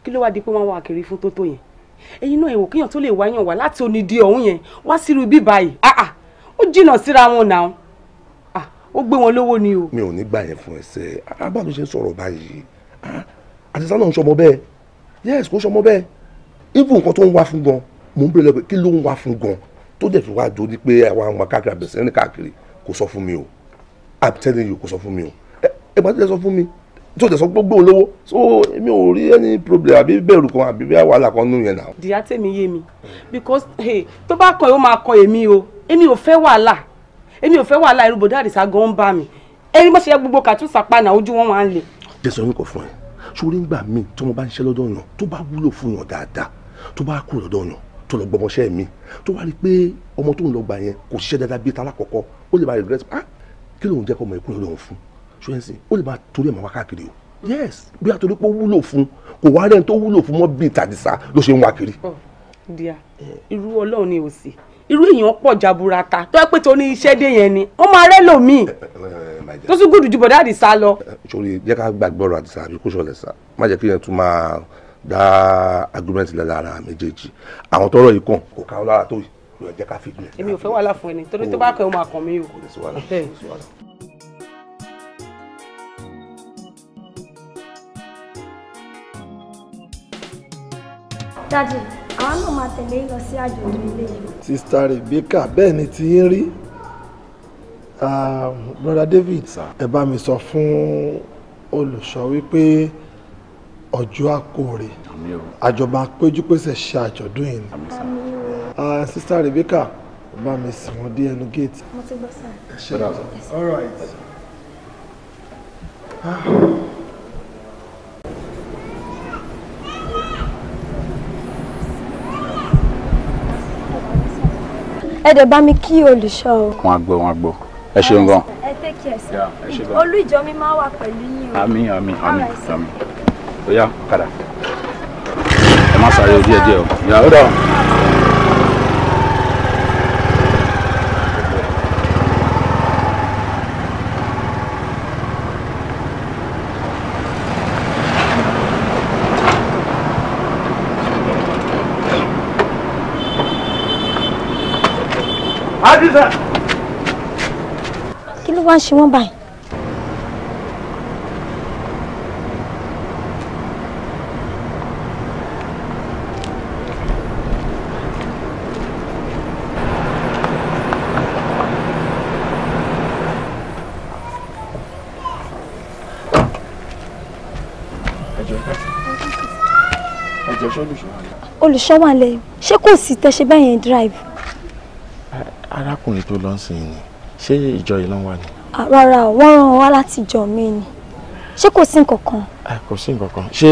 kí ló wá di pé wọ́n wá kiri fún tótó yẹn ẹ̀yin náà ẹ̀wò kíyàn tó lè wáyàn wá láti onídìí ọ̀hún yẹn wá sírú bíbá yìí ó jìnnà síra wọn náà ó gbé wọn lówó ni o. mi ò ní gbà yẹn fún ẹsẹ abá ah, mi ṣe sọ̀rọ̀ báyìí ah, àtisá náà ń sọmọ bẹ́ẹ̀ yes kó sọmọ bẹ́ẹ̀ even nǹkan tó ń wá fún gan mò ń bèrè lọ́pẹ́ kí ló ń wá fún gan tó dẹ̀ fi wá jó ni pé àwa àwọn káàkiri àbẹ̀sẹ̀ ní káàkiri kò sọ fún mi o i'm telling you kò sọ fún mi o ẹ ẹ bá sọ fún mi tó tẹ̀sán gbogbo olówó so èmi ò rí any problem àbí bẹ̀rù kan àbí bí wàhálà kan nù yẹn náà. dìyà tèmi yé mi because tó bá kàn ó máa kàn èmi o èmi ò fẹ́ wàhálà èmi ò fẹ́ wàhálà irú bòdá àdìsá gan ń bà mí ẹni bó ṣe yẹ gbogbo kàtún sàpànà ojú wọn wà ń le. jẹ́sọ̀ yín kò fún ẹ sórí ńgbà míì tí wọ́n bá ń ṣe lọ́dọ̀ yàn tó bá wúlò fún yàn dáadáa tó bá kú lọ́dọ̀ yàn tó lọ gbọmọṣẹ́ mi tó wá rí i pé ọmọ tó ń lọ gbà yẹn kò ṣiṣẹ́ dáadáa bíi talákọ̀ọ́kọ́ ó lè máa regret ah kí lóun jẹ́ kọ́ ọmọ ìkúrò lọ́wọ́ fún ṣóyẹ́ sí ó lè máa torí ẹ̀ máa wá káàkiri o yes bí a torí pé ó wúlò fún kò wá rẹ́ni tó wúlò fún mọ́ bíi tàdísá ló ṣe ń wá kiri. Oh, díà irú ọlọ́run ni ò sí irú èèyàn pọ̀ jaburata tó yẹ pé tó ní iṣẹ́ dé yẹn ni wọ́n máa rẹ́ lòmíì eh, eh, eh, tó tún gùdù ju bọ̀dá àdìsá lọ. sori jẹ́ ká gbàgbọ́ ọ̀rọ̀ àdìsá àbí kóṣọ lẹ́sà má jẹ́ kí yẹn tún máa dá agreement lẹ́la ara méjèèjì àwọn tọrọ yìí kàn kò ká ọ lára tó yẹ jẹ́ ká fi gbìn. èmi ò fẹ́ wàhálà fún ẹni torí tó bá kẹ́ ọ máa kàn mí o. Daddy, àwọn náà máa tẹ̀lé lọ sí àjọ̀dún ilé yìí. Sista Rebecca bẹ́ẹ̀ ni ti ń rí. Um, Brother David, ẹ bá mi sọ fún olùṣọ́ wípé ọjọ́ àkórè àjọba péjúpésẹ̀ ṣe àjọ̀dún yìí ni. Uh, Sista Rebecca, ẹ bá mi sìn wọ́n dé ẹnu gate. Mo ti gbọ́ sáà. All right. ẹ dẹ̀ bá mi kí olùṣọ́ o. wọn á gbọ́ wọn á gbọ́ ẹ ṣeun gan. ẹ tẹ́ kí ẹ sọ olú ìjọ mi máa wà pẹ̀lú yín o. àmín àmín àmín àmín ó yá padà ẹ má sáré díẹ̀ díẹ̀ o. wá ń ṣe wọ́n báyìí. olùṣọ́ wà lẹ́yìn ṣé kò sí tẹ́ ṣe bẹ́ẹ̀ yẹn drive. arákùnrin tó lọ sí ni ṣé ìjọ yìí ló ń wà ní. Ah, rárá o wọ́n rán wa láti ìjọ mi ni ṣé kò sí nǹkan kan. Eh, kò sí nǹkan kan ṣé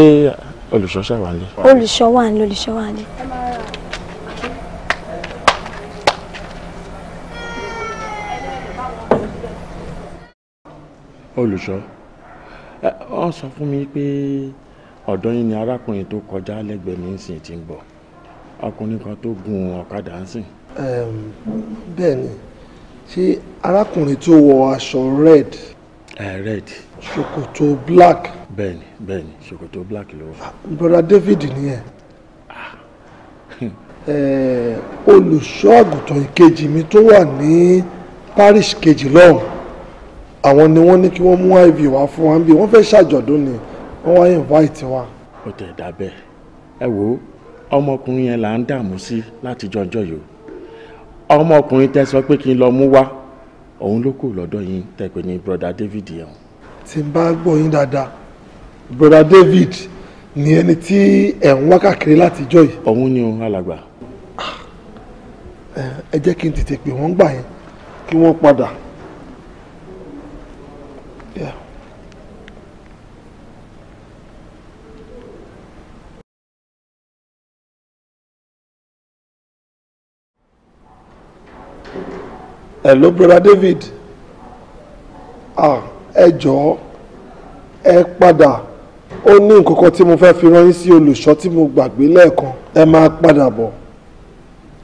olùṣọ́ ṣàwà ń lé. olùṣọ́ wà ń olùṣọ́ wà ń olùṣọ́ ọ sọ fún mi pé ọ̀dọ́ yín ni arákùnrin tó kọjá lẹ́gbẹ̀ẹ́ mi ń sìn tí ń bọ̀ ọkùnrin kan tó gun ọ̀kadà ń sìn. bẹ́ẹ̀ ni ṣé arákùnrin tí ó wọ aṣọ red. Uh, red. ṣòkòtò black. bẹ́ẹ̀ni bẹ́ẹ̀ni ṣòkòtò black ló wọ. brother David nìyẹn olùṣọ́ àgùntàn ìkejì mi tó wà ní parish kejì lọ́hùn àwọn ni wọ́n ní kí wọ́n mú iv wá fún wa bí wọ́n fẹ́ ṣàjọ̀dún ni wọ́n wá invite wa. ó tẹ̀ dà bẹ́ẹ̀ ẹ wo ọmọkùnrin yẹn là ń dààmú sí láti jọjọ́ yìí o ọmọkùnrin tẹ sọ pé kí n lọ mú wá òun ló kù lọ́dọ̀ yín tẹ ní broda David yẹn. tí n bá gbọ́ yín dáadáa broda David ni ẹni tí ẹ̀ ń wá káàkiri láti jọ́ yìí. òun ni òun alàgbà. Ah, ẹ jẹ́ kí n tètè pè wọ́n gbà yẹn kí wọ́n padà. Yeah. hello brother David ah ẹ jọ̀ọ́ ẹ padà ó ní nǹkan kan tí mo fẹ́ fi rán yín sí olùṣọ́ tí mo gbàgbé lẹ́ẹ̀kan ẹ máa padà bọ̀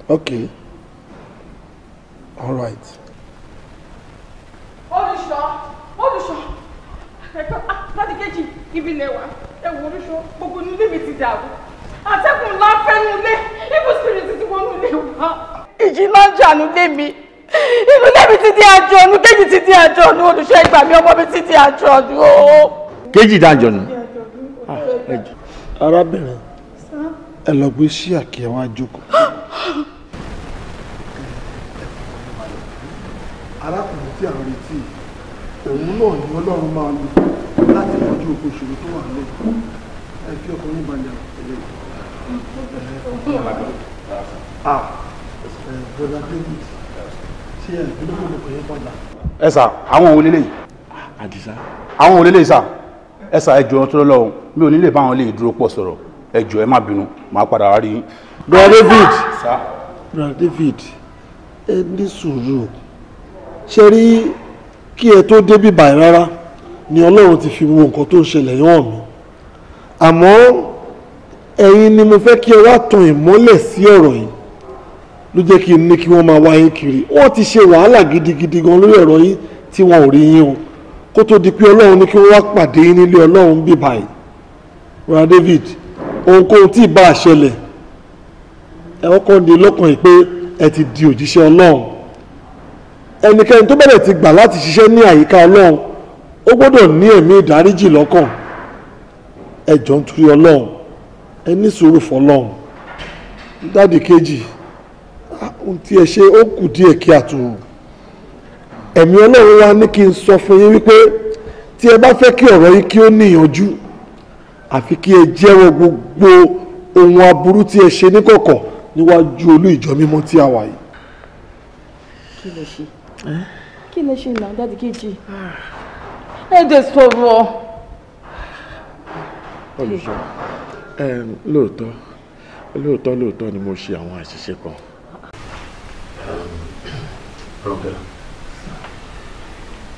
ok all right. olùṣọ́ olùṣọ́ ẹ̀gbọ́n ah, láti kejì ibi ilẹ̀ wa ẹ wo olùṣọ́ gbogbo nílé mi ti dàrú àtẹ̀kùn ńlá fẹ́ nulẹ̀ evil spirit ti wọnú ilé wa. ìjì náà jà nílé mi inú lẹ́mi ti di àjọ̀nù kéjì ti di àjọ̀nù olùṣẹ́ ìgbà mi ọmọ mi ti di àjọ̀nù o. kéjì di àjọ̀nù. arábìnrin ẹ lọ gbé sí àkè àwọn àjòkò. arákùnrin tí a ń retí òun náà ni ọlọ́run máa lò láti yanjú oko ìṣòro tó wà lẹ́yìn ẹ fi ọkùnrin balẹ̀ ẹ̀lẹ́ ah brother David ẹ sà àwọn òun lélẹ̀ àdìsá àwọn òun lélẹ̀ sà ẹ sà ẹjọ́ tó lọ́wọ́ mi ò ní lè bá àwọn lè dúró pọ̀ sọ̀rọ̀ ẹjọ́ ẹ má bínú màá padà wá rí yín. brother david brother david ẹ ní sùúrù ṣe rí kí ẹ tó débí báyìí rárá ni ọlọ́run ti fi wo nǹkan tó ń ṣẹlẹ̀ yẹn hàn àmọ́ ẹ̀yin ni mo fẹ́ kí ẹ wá tan ìmọ́lẹ̀ sí ọ̀rọ̀ yìí ló jẹ́ kí n ní kí wọ́n máa wá kiri wọ́n ti ṣe wàhálà gidigidi gan lórí ọ̀rọ̀ yín tí wọn ò rí yín o kó tó di pé ọlọ́run ní kí wọ́n wá pàdé yín nílé ọlọ́run bí báyìí rora David ohunkóhun tí ì bá àṣẹlẹ̀ ẹ kọ́kọ́ ní lọ́kàn yìí pé ẹ ti di òjíṣẹ́ ọlọ́run ẹnikẹ́ni tó bẹ̀rẹ̀ ti gbà láti ṣiṣẹ́ ní àyíká ọlọ́run ó gbọ́dọ̀ ní ẹ̀mí ìdáríjì lọ́kàn ẹ ń torí ọlọ́run ẹ ní sùúrù fọlọ́run dáàdì kejì ohun tí ẹ ṣe ó kù díẹ̀ kí a tún ẹ̀mí ọlọ́run wa ní kí n sọ fún yín wípé tí ẹ bá fẹ́ kí ọ̀rọ̀ yín kí ó níyànjú àfi kí ẹ jẹ́wọ́ gbogbo ohun aburú tí ẹ ṣe níkọ̀kọ̀ níwájú olú ìjọ mímọ́ tí a wà yìí. kí lè ṣe kí lè ṣe ìlànà dáàdì kejì ah. ẹ dẹ̀ sọ̀rọ̀. olùsọ lóòótọ́ lóòótọ́ lóòótọ́ ni mo ṣe àwọn àṣìṣe kan program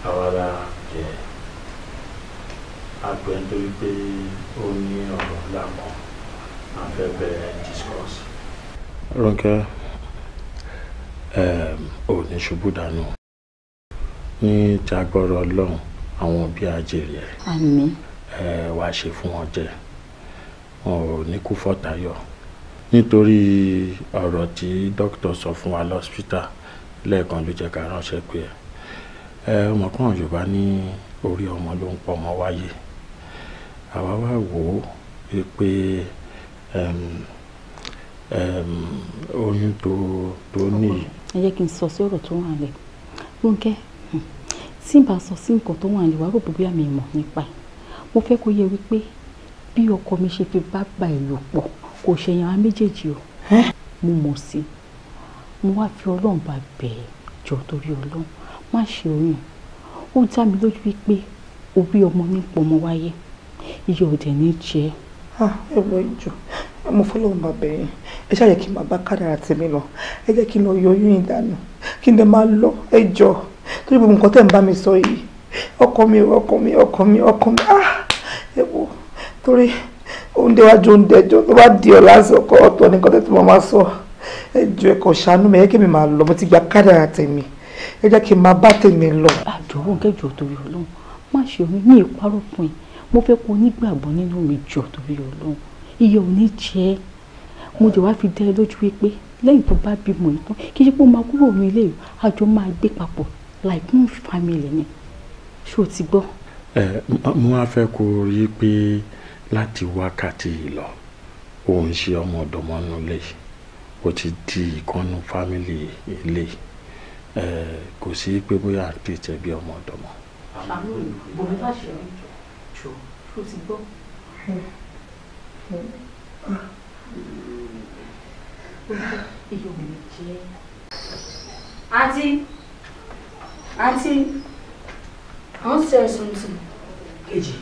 àwa la jẹ àgbẹ̀ nítorí pé ó ní ọ̀rọ̀ a fẹ́ bẹ̀rẹ̀ discuss. Ronke o ní ṣubú dànù ní jagbọ́rọ̀ ọlọ́run àwọn òbí àjèrè ẹ̀ eh, wàá ṣe fún wọn jẹ wọn ò ní kú fọ́tayọ̀ nítorí ọ̀rọ̀ tí dókítà sọ fún wa lọ́sítà lẹ́ẹ̀kan ló jẹ́ ká ránṣẹ́ pé ẹ ọmọkùnrin yorùbá ní orí ọmọ ló ń pọ̀ ọmọ wáyé àwa wá wò ó pé oyún tó tó ní. ẹ jẹ́ kí n sọ sí ọ̀rọ̀ tó wà lẹ̀ fúnkẹ́ tí n bá sọ sí nǹkan tó wà lẹ̀ wá rò bóbí àmì ìmọ̀ nípa ẹ̀ mo fẹ́ kó yẹ wípé bí ọkọ mi ṣe fi bá bá ẹ lò pọ̀ kò ṣẹ̀yìn àwọn méjèèjì o mo mọ̀ sí mo wá fi ọlọ́run bá bẹ̀ẹ́ jọ torí ọlọ́run má ṣe orin ó dá mi lójú wípé orí ọmọ nípa ọmọ wáyé iye ọ̀dẹ̀ ní jẹ́. ẹ wọ ìjọ mo fọlọ́run bá bẹ̀ẹ́ ẹ ṣáà yẹ kí n máa bá kádàrà tèmi lọ ẹ jẹ́ kí n lọ yọ oyún ìdànù kí n dẹ̀ máa lọ ẹ jọ torí gbogbo nǹkan tẹ̀ ń bá mi sọ yìí ọkọ mi ọkọ mi ọkọ mi ọkọ mi ah ẹ wo torí oúnjẹ wájú oúnjẹ jọ tó bá di ọ̀la sọ̀kọ́ ọ̀tọ̀ ní kọ́tẹ́ tí mo máa sọ ẹ jọ ẹ kàn ṣàánú mi ẹ kí mi máa lọ mo ti gba kádàrà tèmi ẹ jẹ́ kí n máa bá tèmi lọ. àjọwọ́ kẹjọ torí ọlọ́run má ṣe omi ní ìparọ́pin mo fẹ́ kó onígbàgbọ́ nínú mi jọ torí ọlọ́run iye ò ní jẹ́ mo jọ wá fi dá ẹ lójú wípé lẹ́yìn tó bá bímọ ìtàn kì í ṣe pé ó máa kúrò ní ilé yìí àjọ máa gbé papọ̀ like one family ni ṣé o ti gbọ́. ẹ mo wá fẹ́ kó rí i pé láti wákàtí yìí lọ ó ń ṣe ọmọdọmọnú ilé ó ti di ìkọ́nú fámìlì ilé kò sí pé bóyá à ń tètè bí ọmọdọmọ. àmì bòmí bá ṣe rí jù ó ti gbọ́. Auntie, I want tell you something. Kejì.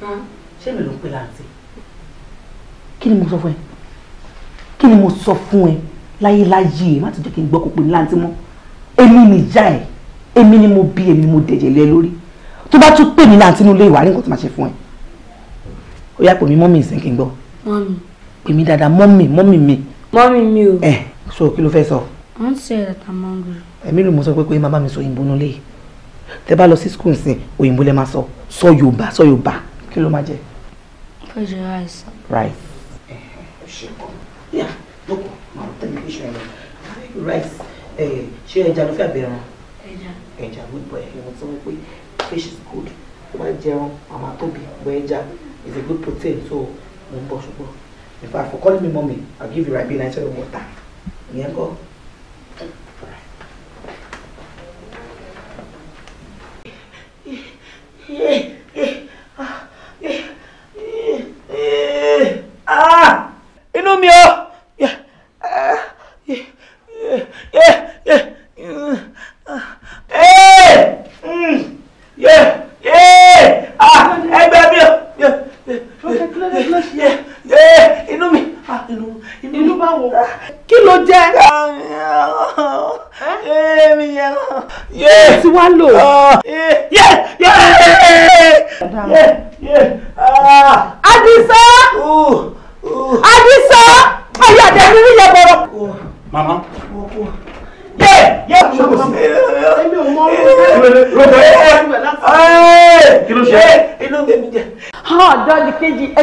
Huh? ṣé mi ló ń pè láǹtì. kí ni mo sọ fún ẹ kí ni mo sọ fún ẹ láyéláyé má ti jẹ́ kí n gbọ́ kó pè ní láǹtì mọ́ èmi nìjà ẹ èmi ni mo bí èmi ni mo dẹ̀jẹ̀ lé lórí tó bá tún pè ní láǹtì nílé ìwà rí nǹkan tó máa ṣe fún ẹ ó yá pè mí mọ́mì ìsìn kí n gbọ́. pè mí dáadáa mọ́mì mọ́mì mi. mọ́mì mi o. ẹ so kí ló fẹ́ sọ. wọ́n ṣe ẹ̀rẹ̀ta mọ́ngì. ẹ̀mí ló mọ̀ sọ pé pé màmá mi sọ òyìnbó nulẹ̀ tẹ bá lọ sí skul nsìn òyìnbó lẹ máa sọ sọ yorùbá sọ yorùbá kí ló máa jẹ́. Pressurize. Rice. Yeah, look, my television. Rice. Eh, ṣé ẹja ló fẹ́ bẹ̀rẹ̀ wọn? Ẹja. good boy. Ẹ̀wọ̀n tí wọ́n pè fish is good. Ó máa ń jẹun, àmọ́ tóbi, a good protein so mo ń In fact, for calling me mommy, I'll give you Ribena instead of water. Ìyẹn go.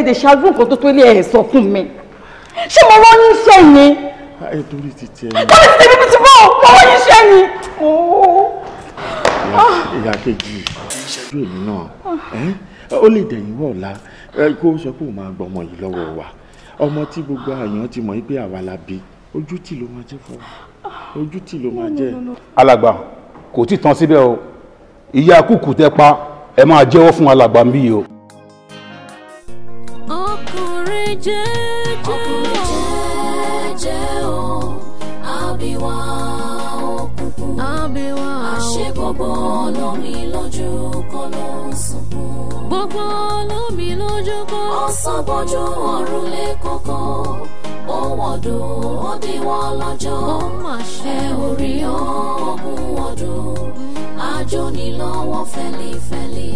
dẹ̀ ṣáájú nǹkan tó tó ilé ẹ̀ sọ fún mi ṣé mo wọ́n yín iṣẹ́ ni. ayé torí ti tiẹ̀ ni. torí ti tẹ̀mí ti bọ̀ mo wọ́n yín iṣẹ́ ni. ìyá kejì ìṣẹ́jú èmi náà ó lè dẹ̀yìn wọ̀ ọ̀la kó sọ pé òun máa gbọ́ ọmọ yìí lọ́wọ́ wa ọmọ tí gbogbo àyàn ti mọ̀ pé àwa la bí ojú tì ló máa jẹ́ fún wa ojú tì ló máa jẹ́. alàgbà kò tí tán síbẹ̀ o ìyá kúkú tẹ pa ẹ máa jẹ́wọ́ fún alàgbà mi yìí o ọkùnrin jẹ́jẹ́ ọkùnrin jẹ́jẹ́ o àbíwá òkùnkùn àbíwá àṣẹ gbogbo lómi lójú kọ́ ló ń sunkún gbogbo lómi lójú kọ́ ọ̀sán ọ̀run lé kọ́kọ́ owó ọdún òdiwọ̀n lọ́jọ́ ẹ orí ọ̀gùn ọdún àjò nílọ́wọ́ fẹ́lifẹ́li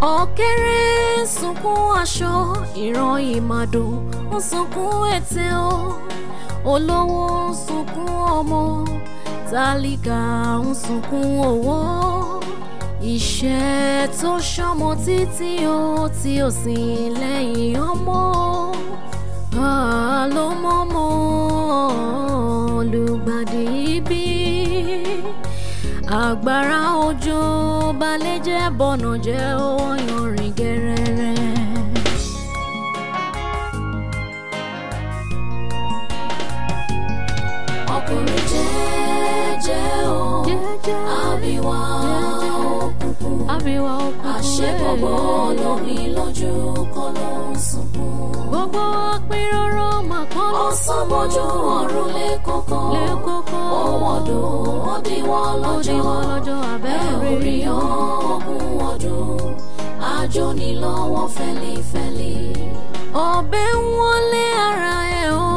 ọ̀kẹ́rẹ́ ń sunkún aṣọ ìran ìmàdò ń sunkún ètè o olówó ń sunkún ọmọ tálíkà ń sunkún owó ìṣẹ́ tó ṣọmọ títí o tí o sì lẹ́yìn ọmọ ló mọ́mọ́ olùgbàdì ibi agbára òjò balẹ̀ jẹ́ bọ̀nà jẹ́ owó yanrìn gẹ́rẹ́rẹ́. ọkùnrin jẹ́jẹ́ o àbíwá òkùnkùn àṣẹ gbogbo lórí lójú kọ́ ló ń sùn gbọ́ apínrọ́rọ́ mà kọ́ ló. ọ̀sán mọ́jú ọ̀run lẹ́kọ̀ọ́kọ́ lẹ́kọ̀ọ́kọ́ ohun ọdún òdiwọ̀n lọ́jọ́ lọ́jọ́ abẹ́rẹ́ ẹ̀ orí ọ̀gùn ọdún àjò ní lọ́wọ́ fẹ́lifẹ́li. ọbẹ̀ wọlé ara ẹ̀ o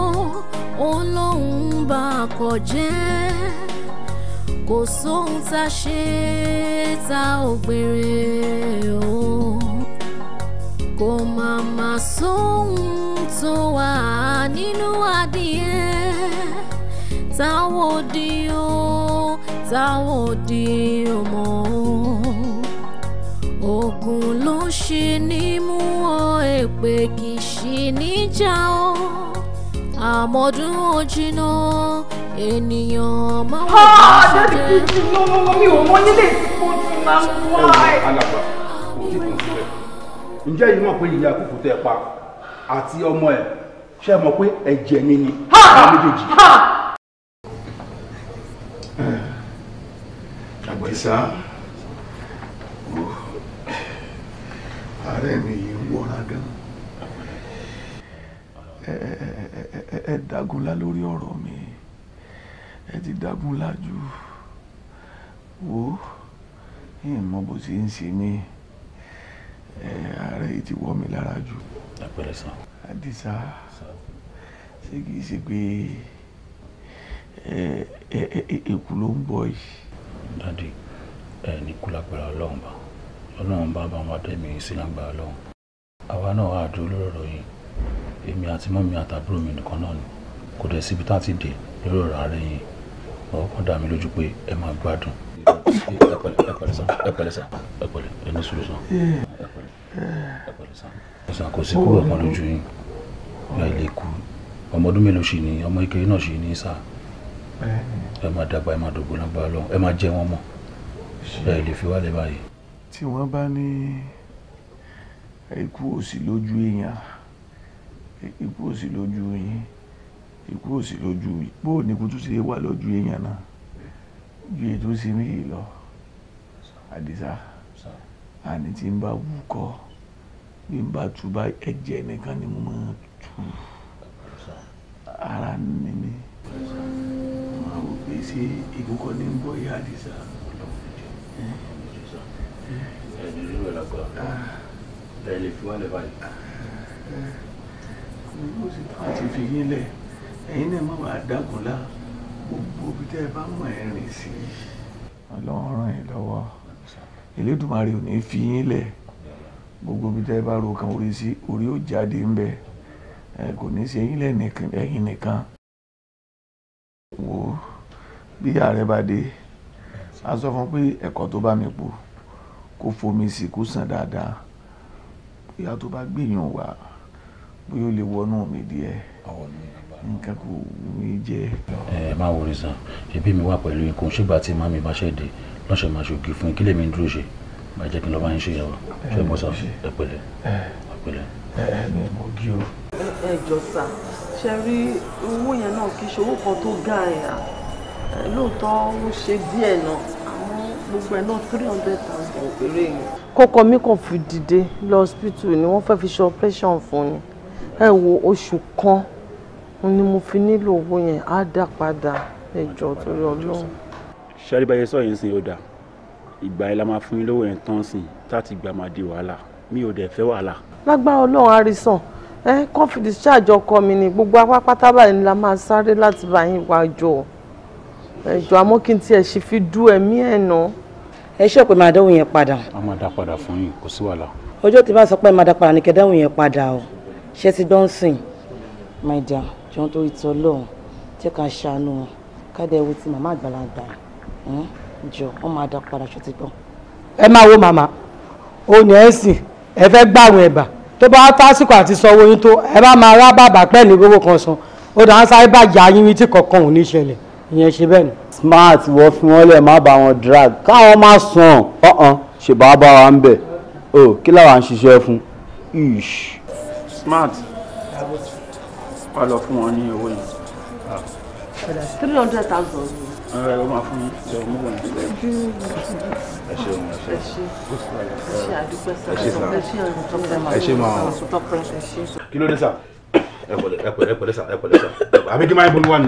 òun bá a kọ̀ jẹ́ kò sóhun tá a ṣe tá a ò o kò má má sóhun tó wà nínú adìẹ táwọn òdì ó táwọn òdì ó mọ̀ ogun ló ṣe ní mú ọ èpè kì í ṣe níjà ọ àmọ́dún ó ènìyàn máa wà ní ṣe jẹ́. ọ̀dọ́ ti fi ti mọ́ mọ́ mi ò mọ́ nílé ìsìnkú ti máa ń wá ẹ̀ ǹjẹ́ yìí mọ̀ pé ìyá àkókò tẹ́ pa àti ọmọ ẹ̀ ṣe mọ̀ pé ẹ̀jẹ̀ mi ni àwọn méjèèjì. àgbẹ̀sá wò ààrẹ mi yìí ń wọra gan ẹ dágunlá lórí ọ̀rọ̀ mi ẹ ti dágunlá jù wò ìmọ̀ bó ṣe ń ṣe mí ààrẹ yìí ti wọ́ mi lára jù. àpẹẹrẹ sàn. àdìsá ṣé kìí ṣe pé èkú ló ń bọ̀ yìí. dadi ẹ ní kúlágbára ọlọ́run bá ọlọ́run bá bá wọn àtẹ̀mí sí lágbára ọlọ́run àwa náà á dúró lórí ọ̀rọ̀ yìí èmi àti mọ́mi àtàbúrò mi nìkan náà ni kò dẹ̀ síbi tá a ti dé lórí ọ̀rọ̀ ààrẹ yìí ọkàn dá mi lójú pé ẹ máa gbádùn (laughs) ẹ pẹ̀lẹ́ sá ẹ pẹ̀lẹ́ sá ẹ pẹ̀lẹ́ ẹ ní sùúrù sàn ẹ̀sà kò sí kúrò kan lójú yín ìyá ilé kú ọmọ ọdún mélòó ṣì ni ọmọ ìkẹyìn náà ṣì ní sá ẹ máa dàgbà ẹ máa dògbò lágbára lọ ẹ máa jẹ wọn mọ ẹ lè fi wálé báyìí. tí wọ́n bá ní ikú òsì lójú èèyàn ikú òsì lójú yín ikú òsì lójú yín bó o ní kutu ṣe wà lójú èèyàn náà ju ètò sí ní ìlọ àdìsá àní tí ń bá wú kọ́ bí n bá tu bá ẹ̀jẹ̀ nìkan ni mo máa tu ara mi ni máa wò pé ṣé ìkókọ ní bọ́ ìyá àdìsá. ẹ lè fi wọ́n lè báyìí. mo sì tán àti fi yín lẹ̀ ẹ̀yin náà má wàá dákun lá gbogbo ibi tẹ́ ẹ bá mọ̀ ẹ́ rìn sí. ọlọ́run ràn yín lọ́wọ́ Elédùmarè ò ní fi yín lẹ̀ gbogbo bí tẹ́ bá ro kan orí sí orí ó jáde ń bẹ kò ní ṣe yín lẹ́yìn nìkan wò ó bí ààrẹ bá dé a sọ fún pé ẹ̀kọ́ tó bá mi pò kó fomi sí kó sàn dáadáa bóyá tó bá gbìyàn wá bóyá ó lè wọnú mi díẹ̀ nǹkan kò ní jẹ. ẹ má wọlé sàn ẹbí mi wà pẹ̀lú ikùn ṣùgbọ́n àti màmí bá dé lọ́sẹ̀ máa fún kí lèmi dúró ṣe má jẹ́ kí n lọ bá ń ṣe ìyàwó ṣe mọ́ sá ẹ pẹ̀lẹ́ ẹ pẹ̀lẹ́. ẹ ẹ ní mo gí o. ẹ jọ sá ṣe rí owó yẹn náà kì í ṣe owó kan tó ga ẹ̀yà lóòótọ́ ó ṣe díẹ̀ náà àmọ́ gbogbo ẹ̀ náà three hundred thousand péré yẹn. kọ́kọ́ mi kàn fi dìde lọ hospital ni wọ́n fẹ́ fi ṣe operation fún ni ẹ wo oṣù kan ni mo fi nílò owó yẹn á dá padà ẹ jọ torí Ọlọ́run. ṣe àríbáyé yìí ń sin ó dáa ìgbà yẹn la máa fún yín lówó yẹn tán sí láti gbà máa di wàhálà mi ò dẹ̀ fẹ́ wàhálà. lágbára ọlọ́run àrísàn ẹ kàn fi discharge ọkọ mi ní gbogbo apápátá báyìí ni la máa sáré láti bá yín wá jọ ẹjọ àmọ́ kí n tiẹ̀ ṣe fi dú ẹ̀mí ẹ̀ nà. ẹ ṣe pé máa dánwò yẹn padà. a máa dá padà fún yín kò sí wàhálà. ọjọ́ tí bá sọ pé máa dá padà ní kẹ́ dánwò yẹn padà o ṣé ti gbọ́n sìn my dear jọ̀ọ́ torí tọ́lọ́run jẹ́ ká ṣàánú ká dẹ̀ wo ti màmá àgbàlagbà. Hmm? jọ wọn máa dá padà ṣe ti gbọ́n. ẹ máa wo màmá òní ẹ sìn ẹ fẹ́ gbàrún ẹ̀bà tó bá tásìkò àti sanwó yín tó ẹ bá máa rá bàbà pẹ́ẹ́lí gbogbo kan san ó dàn án sáré bàjẹ́ ayín wí tí kankan ò ní ṣẹlẹ̀ ìyẹn ṣe bẹ́ẹ̀ ni. smart wọ́n fi wọ́n lẹ̀ má bá wọn drag káwọn má sàn ọ̀hán ṣèbá bá wa ń bẹ̀ o kí làwa ń ṣiṣẹ́ fún. smart wà lọ fún wọn ní owó yìí. three hundred thousand ọ̀rẹ́ ọmọ fún mi ṣe ọmọ wọn. ẹ ṣe wọn ẹ ṣe. ẹ ṣe sàn ẹ ṣe máa kí ló dé sà ẹ pẹ̀lẹ́ ẹ pẹ̀lẹ́ ẹ pẹ̀lẹ́ sà ẹ pẹ̀lẹ́ sà àbí kí máa ń bọ̀ wá ni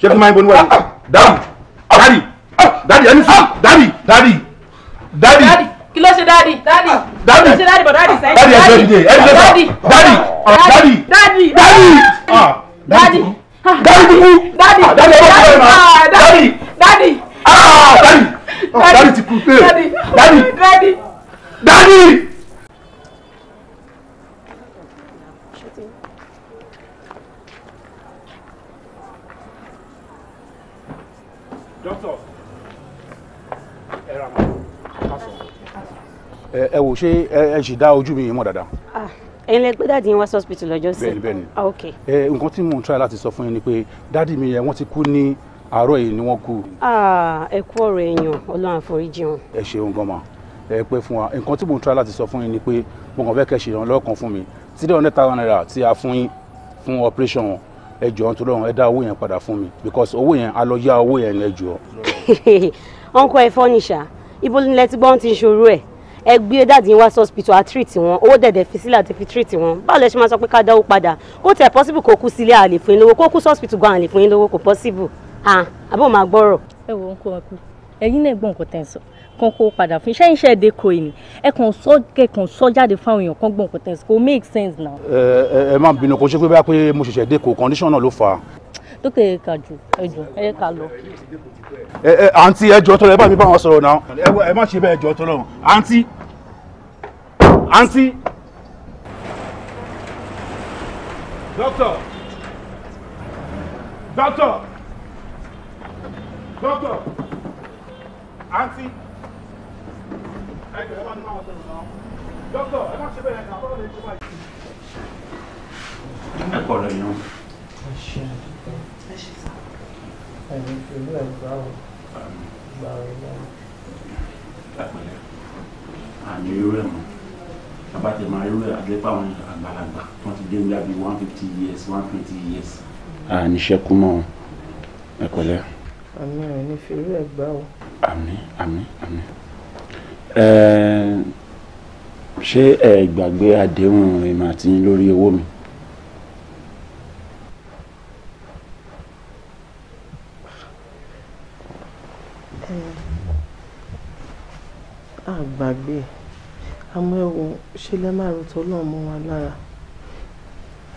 ṣé kí máa ń bọ̀ wá ni dáàmù dáàdì dáàdì ẹni sùn dáàdì dáàdì dáàdì kí ló ṣe dáàdì dáàdì dáàdì ṣe dáàdì bọ̀ dáàdì sẹ́yìn dáàdì ẹ̀ṣẹ̀ dìde ẹ̀ṣẹ̀ dáàdì dáàdì dáàdì dáàdì dáàdì. Daddy, daddy, daddy, dadi daddy, daddy, ọwọ́ daddy, daddy, daddy, daddy, daddy, daddy. pé dadi dadi dadi. dókítà ẹ ra mọ ẹ wò ṣé ẹ ṣì dá ojú mi mọ̀ dáadáa. Ah ẹ̀yin lẹ gbé dáàdi yín wá sí lọ́jọ́ sí. bẹ́ẹ̀ni bẹ́ẹ̀ni ah, ẹ nǹkan tí mò ń try láti sọ fún yín ni pé dáàdi mi yẹn wọ́n ti kú ní àárọ̀ yìí ni wọ́n kú. Ah, ẹ kú ọ̀rọ̀ èèyàn ọlọ́run àforíjì ẹ ṣeun gan ẹ pẹ́ fún wa nǹkan tí mò ń try láti sọ fún yín ni pé mo kàn fẹ́ kẹ́ ṣe ìrànlọ́wọ́ fún mi tí dẹ́wọ̀n nẹ́ta náírà tí a fún yín fún operation ẹ jọ̀ọ́ nítorí ẹ dá owó yẹn padà fún mi because owó yẹn a lọ yá owó yẹn ẹ jọ̀ọ́. ọ̀nkọ ẹ̀fọ́ nìṣà ibo ni lẹ ti gbọ́n ti ṣòro ẹ̀ ẹ gbé dáàdì yín wá sí hospital á tírìtì wọn owó dẹ̀dẹ̀ fi sílẹ̀ àti fi tírìtì wọn báwo lẹ ṣe máa sọ pé ká dáwó padà kó tẹ̀ possible kó kú sílé àlè fún yín lówó kó kú sí hospital gan àlè fún yín lówó kò possible ah àbọ̀ máa gbọ́rọ̀. ẹ wo nǹkan ọkọ ẹ̀yin náà gbọ́ nǹkan tẹ́ ń sọ kan kó padà fún iṣẹ́ iṣẹ́ èdè kò ní ẹ kàn sọ ẹ sọ jáde fáwọn èèyàn kan gbọ́ nǹkan tẹ́ ń make sense now. ẹ ẹ má bínú kó ṣe pé bá pé mo ṣẹ̀ṣẹ̀ dé kò condition náà ló fà á dókè ẹ̀ka jù ẹ̀jọ̀ ẹ̀yẹ ká lọ. ẹ ẹ àǹtí ẹjọ tọrọ ẹ bá mi bá wọn sọ̀rọ̀ náà ẹ má ṣe bẹ́ẹ̀ ẹjọ tọrọ àǹtí àǹtí. dókítà dókítà dókítà àǹtí. Doctor, I'm not ní máa sọ̀rọ̀ náà dókítà ẹ má ṣe bẹ́ẹ̀ ní àbọ̀rọ̀ lè tó báyìí. ẹ kọ̀ lọ yẹn. ẹ ṣe ẹ ṣe sá. ẹ̀yin pẹ̀lú ẹ̀ gbà ó gbà ó lọ́wọ́. àpẹẹrẹ àmì irú ẹ̀ mọ́ abájẹ máa rú àdẹ́pà àwọn àgbàlagbà wọn ti dé nígbà bíi one fifty years one twenty years. a ní ṣẹ́kú mọ́ ẹ pẹ̀lẹ́. àmì ò ní fi ẹ̀ gbá o. àmì àmì àmì ṣé ẹ gbàgbé àdéhùn èmi àti yín lórí owó mi. àgbàgbé. Ah, àmọ́ ẹ wò ṣe lẹ́ máa ròtọ́ náà mọ́ wa lára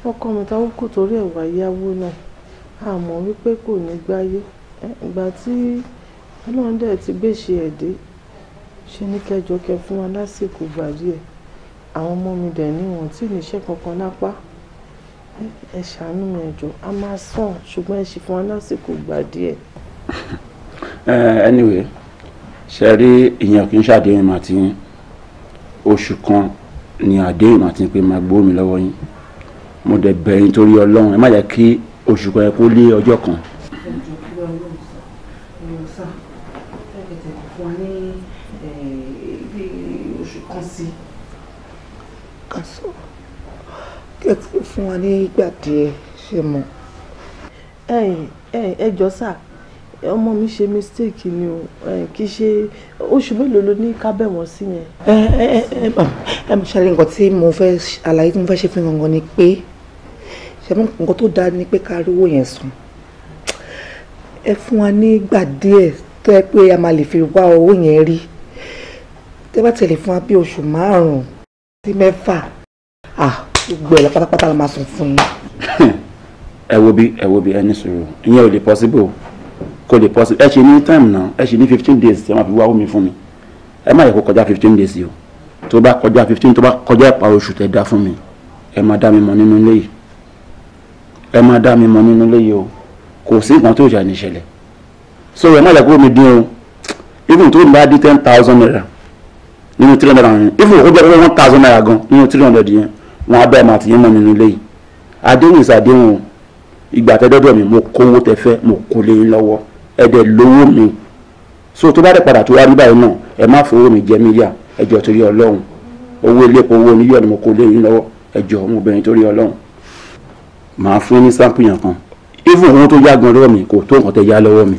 ọkọ mi táwọn kò torí ẹ̀ wá yáwó náà àmọ́ wípé kò ní gbáyé ìgbà tí ọlọ́run dẹ̀ ti gbèsè ẹ̀ dé ṣe ní kẹjọ kẹ fún wa lásìkò gbà díẹ̀ àwọn ọmọ mi dẹ̀ ní wọn tí níṣẹ́ kankan lápá ẹ ṣàánú mi ẹjọ a máa sàn ṣùgbọ́n ẹ ṣì fún wa lásìkò gbà díẹ̀. (laughs) Eh, anyway ṣe rí ìyẹn kì í ṣàdéhùn màtí yín oṣù kan ni àdéhùn àti pé máa gbó mi lọ́wọ́ yín mo dẹ̀ bẹ̀ yín torí ọlọ́run ẹ má jẹ́ kí oṣù kan yẹ kó lé ọjọ́ kan. kàṣọ fún wa ní ìgbà díẹ̀ ṣe mọ̀ ẹ ẹ ẹ sáà ọmọ mi ṣe mistake ni o kì í ṣe oṣù mélòó ló ní ká bẹ̀ wọ́n sí yẹn. ẹ ẹ ẹ ṣàlẹ̀ nǹkan tí mo fẹ́ àlàyé tí mo fẹ́ ṣe fún gangan ni pé ṣẹ́mi nǹkan tó dáa ni pé ká rówó yẹn sùn ẹ fún wa nígbà díẹ̀ tó yẹ pé a máa lè fi wá owó yẹn rí tẹ́ bá tẹ̀lé fún wa bí oṣù márùn-ún sí mẹ́fà gbogbo ẹ̀ pátápátá la máa sùn fún yín. ẹ wo bí ẹ wo bí ẹ ní ìyẹn ò lè possible kò lè possible ẹ ṣe ní time náà ẹ ṣe ní fifteen days ẹ máa fi wá omi fún mi ẹ má yẹ kó kọjá fifteen days yìí o tó bá kọjá fifteen tó bá kọjá ìparí oṣù tẹ dá fún mi ẹ máa dá mi mọ̀ nínú ilé yìí ẹ máa dá mi mọ̀ nínú ilé yìí o kò sí nǹkan tó yà ní ìṣẹ̀lẹ̀ so ẹ má yẹ kó mi dín o even tó ń bá dín ten thousand naira nínú three hundred and even kó jẹ́ pé one thousand naira gan nínú three hundred yẹn wọn á bá ẹ máa tìyẹn mọ̀ nínú ilé yìí àdéhùn ìsàdéhùn ìgbà tẹ́dọ́dọ̀ mi mo kówó tẹ fẹ́ mo kó lé yín lọ́wọ́ ẹ̀dẹ̀ lówó mi so tó bá dẹ̀ padà tó wá rí báyìí náà ẹ má fowó mi jẹ mí yá ẹjọ́ torí ọlọ́run owó iléepo owó oníyọ̀ ni mo kó léyìn lọ́wọ́ ẹjọ́ mo torí ọlọ́run màá fún ní sáǹpù yẹn kan even owó tó yá gan lọ́wọ́ mi kò tó nǹkan tẹ yá lọ́wọ́ mi.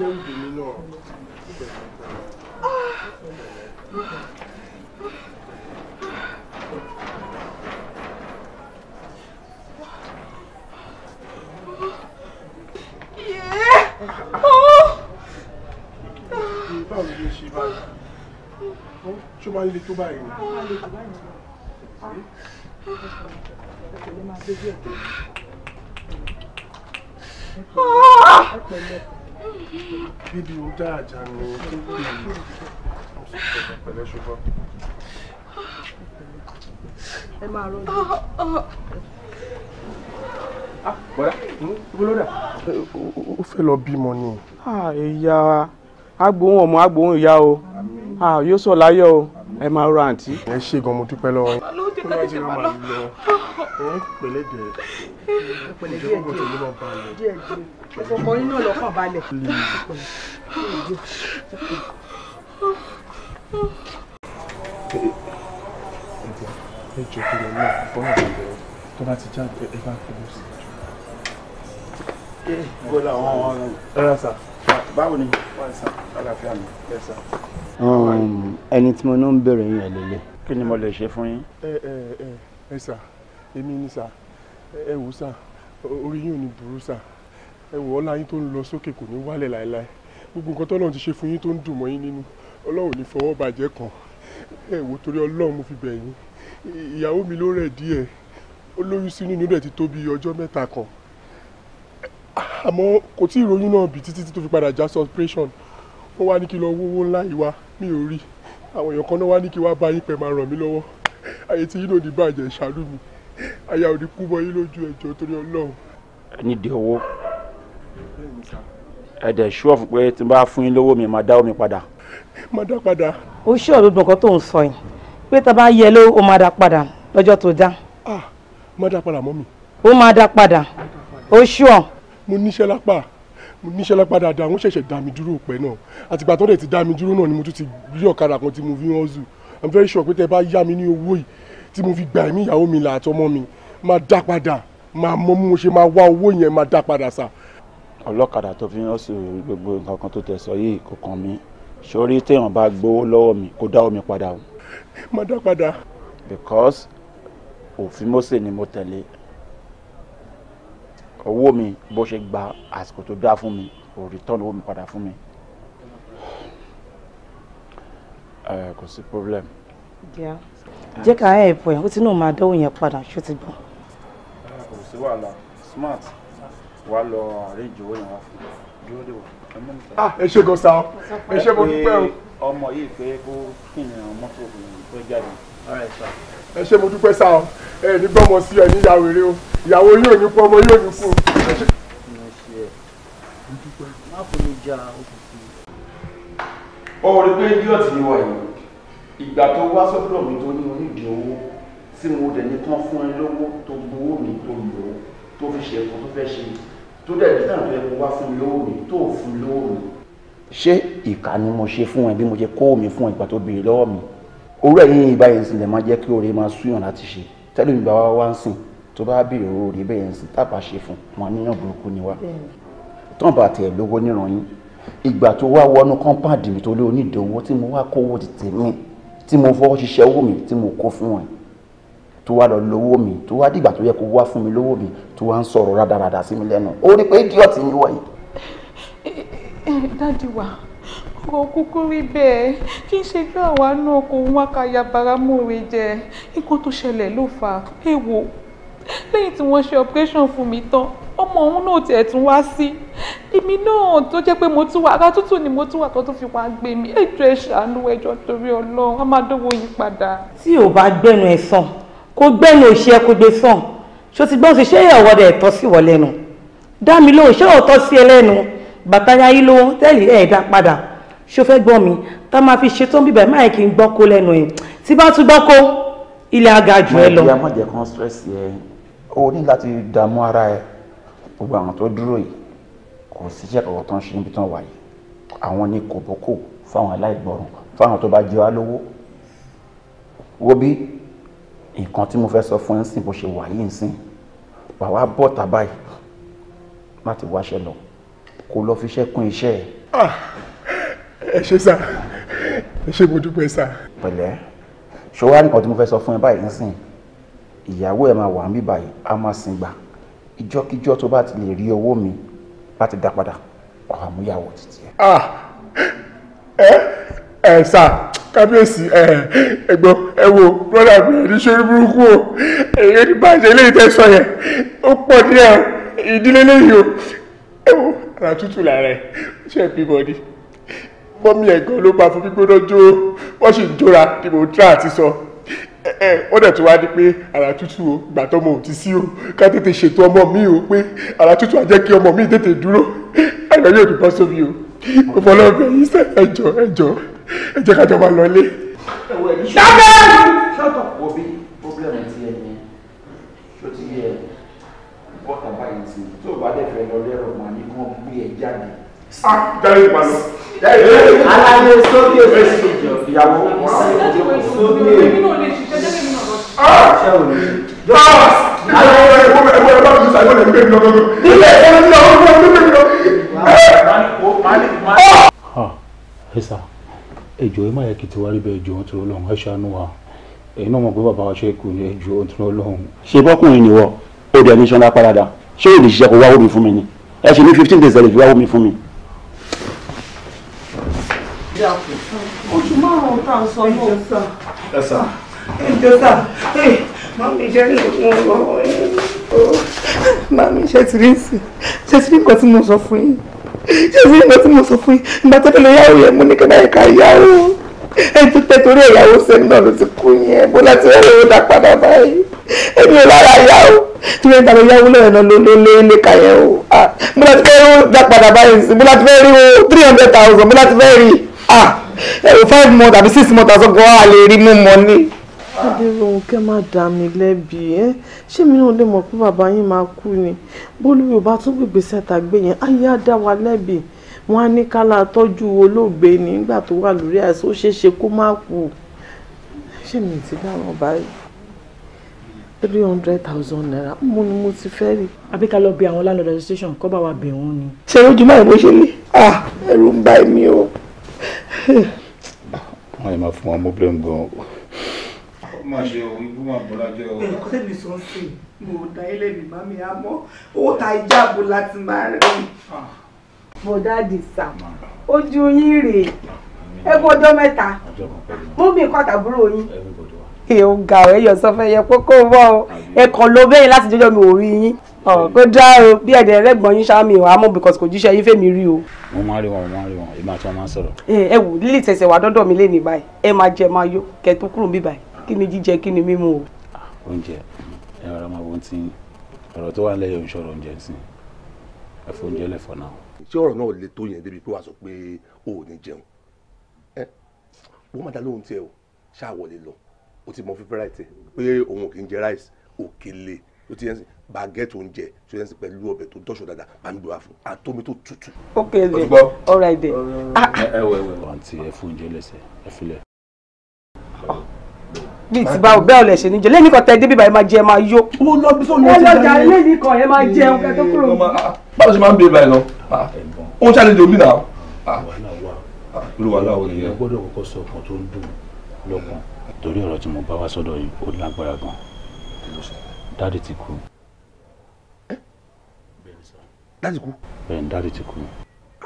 Thank ah. you. ṣó máa ń le tó báyìí. bíbí o dá àjà ni o tó kù yìí pẹ̀lẹ́ ṣùgbọ́n. ẹ máa rọjò. Ah, bọ́dá ibo ló dà. ó fẹ́ lọ bímọ ni. ẹ̀yà ah, agbóhùn ọmọ agbóhùn ìyá o ah, yóò sọ láyọ̀ o ẹ máa rọ àǹtí. ẹ ṣe gan mo dúpẹ́ lọ́wọ́ yín. ló ti tẹ́lẹ̀ ṣe máa lọ. ẹ pẹ̀lẹ́ jẹ ẹ pẹ̀lẹ́ díẹ̀ díẹ̀ ọkọ̀ yín náà lọ́kàn balẹ̀. ẹ jọ kí lọ náà bọ́ọ̀lù bẹ̀rẹ̀ tó bá ti jáde ẹ bá kọ́ sí i. bọ́lá àwọn ọ̀rọ̀ ẹ̀ báwo ni wọ́n sà àlàáfíà mi. Um, ẹni tí mo náà ń bèrè yín lélẹ̀. kí ni mo lè ṣe fún yín. ẹ ẹ ẹ ẹ sà èmi ni sà ẹ wò sà orí yín ò ní burú sà ẹ wò ọlá yín tó ń lọ sókè kò ní wálẹ̀ láéláé gbogbo nǹkan tọ́lọ́run ti ṣe fún yín tó ń dùn mọ́ yín nínú ọlọ́run ní fọwọ́ bàjẹ́ kan ẹ wò torí ọlọ́run mo fi bẹ̀ yín ìyàwó mi ló rẹ̀ díẹ̀ olóyún sínú inú rẹ̀ ti tó bí ọjọ́ mẹ́ta kan àmọ́ kò tí ì ròyìn náà bì títí tó fi padà já sọ operation wọ́n wá ní kí lọ wọ́wọ́ ńlá yìí wá mi ò rí àwọn èèyàn kan náà wá ní kí wá bá yín pẹ̀ máa ràn mí lọ́wọ́ ayé tí yín ò ní bàjẹ́ ìṣàánú mi aya ò ní kú mọ́ yín lójú ẹ̀jọ̀ torí ọlọ́run. ẹni dé owó ẹ̀dẹ̀ ṣúọ̀fù pé tí n bá fún yín lówó mi máa dá omi padà. máa dá padà. o ṣé ọ̀rọ̀ gbọ̀ngàn tó ń sọ yìí pé tá a bá yẹ ló o máa dá padà lọ́jọ́ tó dá. ah máa dá padà mọ́ mi. o máa dá padà o ṣúọ̀. mo níṣẹ́ lápá níṣẹ́ lápadà dá wọ́n ṣẹ̀ṣẹ̀ dá mi dúró pẹ́ náà àtìgbà tó dẹ̀ ti dá mi dúró náà ni mo tún ti rí ọ̀kadà kan tí mo fi hàn zù i'm very sure pé tẹ́ bá yá mi ní owó yìí tí mo fi gba ẹ̀mí ìyàwó mi là àtọmọ mi máa dá padà máa mọ mo ṣe máa wá owó yẹn máa dá padà sà. ọlọ́kadà tó fi hàn sí gbogbo nǹkan kan tó tẹ̀ sọ yìí kò kàn mí sórí téèyàn bá gbowó lọ́wọ́ mi kó dá omi padà máa dá padà. because òfin Mósè ni mo tẹ̀lé owó mi bó ṣe gba àsìkò tó dá fún mi ò return owó mi padà fún mi. kò sí problem. jẹ́ ká ẹ̀ pọ̀ yẹn ó ti máa dánwò yẹn padà ṣó ti gbọ́n. kò sí wàhálà smart wàá lọ àríjì owó yẹn wá fún mi dúró dé wò ah ẹ ṣe gọ̀ọ́sà o ẹ ṣe mo dúpẹ́ o. ọmọ yìí pé kó kí ni àwọn mọ́tò tó jáde ẹ ṣé mo dúpẹ́ sáà o ẹ ní gbọ́mọ sí ẹ níyà wèrè o ìyàwó yóò ní kú ọmọ yóò ní kú. ọ̀rẹ́ pé idiot ni wà yìí ìgbà tó wá sọ́dọ̀ mi tó ní onídìí owó tí mo dẹ̀ ní kán fún ẹ lówó tó gbowó mi tó lò ó tó fi ṣe ẹ̀kọ́ tó fẹ́ ṣe tó dẹ̀ ní tàn tó yẹ kó wá fún mi lówó mi tó fún mi lówó mi. ṣé ìkà mo ṣe fún ẹ bí mo ṣe kó mi fún ìgbà tó béèrè lọ́wọ́ mi orú ẹ̀yìn ìbáyẹn sì lè máa jẹ́ kí oore máa súyàn láti ṣe tẹ́lómi bá wá ń sìn tó bá béèrè owó rí bẹ́ẹ̀ ń sìn tábà ṣe fún wọn níyàn burúkú ni wá tán bá tiẹ̀ lówó níran yín ìgbà tó wá wọnú kọ́ńpáàdì mi tó lé onídìí owó tí mo wá kówó tètè mi tí mo fọwọ́ ṣiṣẹ́ owó mi tí mo kó fún ẹ̀ tó wá lọ lówó mi tó wá dìgbà tó yẹ kó wá fún mi lówó mi tó wá ń sọ̀rọ̀ rádaràdà sí mi lẹ́nu ó pé idiot ni wọ̀nyí. dáàdi wa kò kúkú rí bẹ́ẹ̀ kí n ṣe pé àwa náà kò wá ká ya baramóore jẹ nǹkan tó ṣẹlẹ̀ ló fà á ẹ wò lẹ́yìn tí wọ́n ṣe operation fún mi tán ọmọ òun náà tiẹ̀ tún wá sí èmi náà tó jẹ́ pé mo tún wà ara tútù ni mo tún wà tó tún fi wá gbé mi ẹjọ́ ẹ ṣàánú ẹjọ́ torí ọlọ́run a máa dánwò yí padà. tí ò bá gbẹ́nu ẹ̀ sàn kó gbẹ́nu òṣì ẹ kó gbé sàn ṣó ti gbọ́n sí ṣé ìyàwó rẹ̀ tọ́ sí wọ́n dá mi lóhùn ṣé òótọ́ sí ẹ lẹ́nu bàtà yá yí lówó tẹ́lẹ̀ ẹ̀ dá padà ṣó fẹ́ gbọ́ mi tá máa fi ṣetán bíbẹ̀ máa kí n gbọ́kó lẹ́nu ẹ̀ tí bá tún gbọ́kó ilé aga jù ẹ lọ. ìyá mọ̀jẹ̀ kan stress yẹ o ní láti dààmú ara ẹ gbogbo àwọn tó dúró yìí kò síṣẹ́ kọ̀ọ̀kan tó ń ṣe níbi tán wà yìí àwọn ní kòbókò fáwọn aláìgbọràn fáwọn tó bá jẹ wá lówó wo bí nǹkan tí mo fẹ́ sọ fún ẹ ń sìn bó ṣe wà yìí ń sìn wà wá bọ̀ tàbá yìí láti wáṣẹ́ lọ kó lọ fi iṣẹ́ iṣẹ́ ẹ̀. Ah! ẹ ṣe sà ẹ ṣe mo dúpẹ́ sà. pẹ̀lẹ́ ṣọwárí nǹkan tí mo fẹ́ sọ fún ẹ báyìí nsìn ìyàwó ẹ máa wà ń bí báyìí á máa sin gbà ìjọ́kíjọ́ tó bá ti lè rí owó mi láti dá padà ọ̀hà múyàwó títí ẹ. Ah! ẹ ẹ sà kábíyèsí ẹ ẹ̀gbọ́n ẹ wo brọdà mi ní sórí burúkú o èyí ni bàjẹ́ ilé ìtẹ̀sọ yẹn ó pọ̀ díẹ̀ ìdílé lẹ́yìn o ẹ wo àrà tútù lára ẹ ṣe é bímọ ni mọ́mí ẹ̀gán ló bá fún gbígbóná jó wọ́n sì ń jóra bí mo tra àti sọ ẹ wọ́n dẹ̀ tún wá ní pé ara tútù o gbà tọmọ ò ti sí o ká tètè ṣètò ọmọ mi o pé ara tútù á jẹ́ kí ọmọ mi tètè dúró àgbà yóò dùbọ́ sómi o mo fọ́ lọ́bẹ̀ yìí sẹ́ ẹjọ́ ẹjọ́ ẹjẹ́ kájọ máa lọ ilé. ṣọ́tọ̀ òbí pọ́blẹ́mù ti ẹ̀ yẹn ti yẹ bọ́tà báyìí sí tó bá dẹ̀ fẹ́ lọ rẹ́rọ̀ màá ní kí wọ́n gbé ẹ jáde. Ah, jáde ìbálò alájẹ sóbì èsì ìyàwó sóbì èsì. ẹsà ẹjọ ẹ má yẹ kí ti wá rí bẹ ẹjọ tó lọhùn ẹ ṣàánú wa ẹ̀yin náà mọ̀ pé bàbá wa ṣe kù ní ẹjọ tó lọhùn. ṣe bọ́kùnrin nìwọ ó di ẹni ṣọlá parada ṣé èdè ṣiṣẹ́ kó wá omi fún mi ni ẹ ṣe ní fifteen days ẹ lè fi wá omi fún mi já kù oṣù márùn-ún tá a sọ náà. ẹjọ sá ẹjọ sá mami jẹ lẹ́wọ̀n lọ́wọ́ mami ṣe ti rí sí ṣe ti rí nǹkan tí mo sọ fún yín ṣe ti rí nǹkan tí mo sọ fún yín ìgbà tó tẹ̀lé yàwó yẹn mo ní kí n báyìí ká yàwó ẹ tó tẹ torí ìyàwó sẹ́ni náà ló ti kú yẹn bó láti ẹ̀rọ ìdá padà báyìí èmi ò lára yàwó tí wọ́n ń tàbí yàwó lọ́yìn náà ló lé lé ka yẹn o mo láti fẹ́ rí dá padà báyìí mo láti fẹ́ rí o three hundred thousand mo láti fẹ́ rí ah five months àbí six months àti ọgbọ́n a lè rí mú mọ́ ni. Adérónkẹ́ má dá mi lẹ́bi ẹ́ ṣé mi náà lè mọ̀ pé bàbá yín máa kú ni bólúwì ò bá tún gbègbè sẹ́ta gbé yẹn ayé á dá wa lẹ́bi wọn á ní kálá tọ́jú olóògbé ni nígbà tó wà lórí àìsàn ó ṣeé ṣe kó má kú ṣé mi ti dáhùn báyìí three hundred thousand naira mo ni mo ti fẹ́ rí. àbí ká lọ bí àwọn landlord association kọ́ bá wa bẹ̀ wọ́n ni. ṣe ojú máa ṣe lé ah ẹ̀rù ń bá mi o wọ́n yẹn máa fún wa mú blame gan. ó máa ṣe òun ibú máa bọ́ o. ẹ̀kọ́ tẹ̀mí sọ sí mo da ilé mi má mi àmọ́ owó ta ìjáàbò láti máa rìn. mo dáàdì Sam ojú yín rèé ẹ kó ọjọ́ mẹ́ta mú mi kọ́ tàbúrò yín ẹ ò sọ fẹ yẹ kókó wọ ọ ẹ kàn ló bẹyìn láti jọjọ mi ò rí yín kó dá o bí ẹ̀dẹ̀ rẹ́gbọ̀n yín ṣáà mi ò àmọ́ because kò jíṣẹ́ yín fẹ́mi rí o. mo máa rí wọn mo máa rí wọn èmi àti wọn máa ń ẹ wò lílì tẹ̀sẹ̀ wà dọ́dọ̀ mi lénìí báyìí ẹ máa jẹ máa yó kẹtù kúrò mi báyìí kí ni jíjẹ kí ni mímu o. Ah, oúnjẹ ẹ ọ̀rọ̀ máa wo ti ọ̀rọ̀ tó wà lẹ́yìn oṣù ọ̀rọ̀ oúnjẹ sí ẹ fún oúnjẹ lẹ́fọ̀ náà. ṣé ọ̀rọ̀ náà le tó yẹn débi pé wàá sọ pé o ò ní jẹun ẹ wọ́n má o ṣáà wọlé lọ o ti mọ fífẹ́ ráìtì pé òun ò kì í jẹ ráìsì òkèlè ó ti yẹn sí baguette oúnjẹ tó yẹn sí pẹ̀lú ọbẹ̀ tó dọ́ṣọ̀ dáadáa máa ń lo àfún àtomi tó tútù. ok ah, ah. ẹ bẹ ọ̀rọ̀ ẹ bẹ. ẹ wẹ wẹ àǹtí ẹ fún oúnjẹ lẹsẹ ẹ filẹ. bíi ah. ti báwo bẹ́ẹ̀ ọ̀lẹ̀ ṣe níjẹ lẹ́yìn kan tẹ débí báyìí máa jẹ ẹ máa yó. mo lọ bí sọ́ni ọtí jáde ẹ lọ́jà lẹ́yìn kan ẹ máa jẹun kẹ́tọ́ kúrò. báwo ṣe máa ń bẹ báyìí lọ òun ṣàlejò mi náà. olùwàlà òye. ẹ gbọ́dọ̀ kọ́kọ́ sọ ọkàn tó ń dùn lọ́kàn torí ọ̀rọ̀ tí mo bá wá sọ́dọ̀ yìí ó lágbára gan-an dáàdì ti kú. dáàdì kú. bẹ́ẹ̀ ni dáàdì ti kú.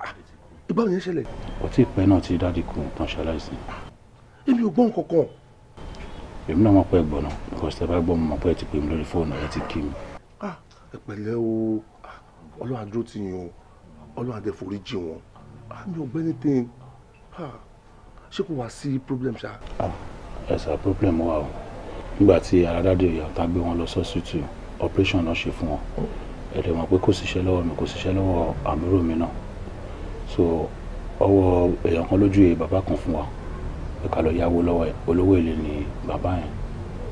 Ah, ìgbà wo ni ẹ ṣẹlẹ̀. kò tí ì pẹ́ náà tí dáàdì kú tán ṣaláìsí. èmi ò gbọ́n kankan. èmi náà máa pẹ́ gbọ́n náà because tẹ bá gbọ́ mo máa pẹ́ ti pè mí lórí fóònù ẹ ti kí mi. Ah, ẹ pẹ̀lẹ́ o ah, ọlọ́run àdúró ti yàn ọlọ́run àdẹ́forí jì wọ́n mi ò gbẹ́ni tẹ́ ṣé kò wá sí problem ṣá. ẹ sà problem wà o nígbà tí aládàdé ìyá ọ̀tá gbé wọn lọ sọ́sítù operation náà ṣe fún wọn ẹ̀rẹ̀ wọn pé kò síṣẹ́ lọ́wọ́ mi kò síṣẹ́ lọ́wọ́ àmúrò mi náà so ọwọ́ èèyàn kan lójú yìí bàbá kan fún wa pé ká lọ yáwó lọ́wọ́ ẹ̀ olówó èlé ni bàbá yẹn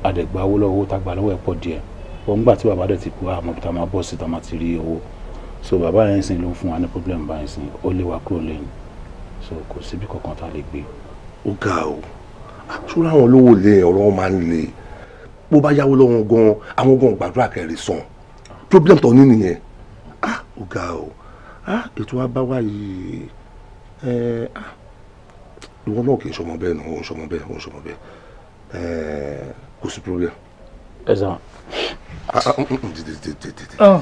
àdẹ̀gbà owó lọ́wọ́ owó tágbà lọ́wọ́ ẹ̀ pọ̀ díẹ̀ wọ́n gbà tí bàbá dẹ̀ ti kú àmọ́ tá máa bọ̀ sí tá máa ti rí owó so bàbá yẹn sìn ló ń fún wa ní problem báyìí sìn ó lé wa kúrò lẹ́yìn so kò síbi kankan tá a lè gbé. ó ga o ṣúra àwọn olówó lè ọ̀rọ̀ máa ń le bó bá yáwó lọ́wọ́ gan àwọn gan gbàdúrà kẹrin sàn problem tó ní nìyẹn ah ọ̀gá o ah ètò abáwá yìí ẹ ah ìwọ náà kì í sọmọ bẹ́ẹ̀ náà ò ń sọmọ bẹ́ẹ̀ ò ń sọmọ bẹ́ẹ̀ ẹ kò sí problem. ẹ sàn. Ah, ah, mm, mm, oh.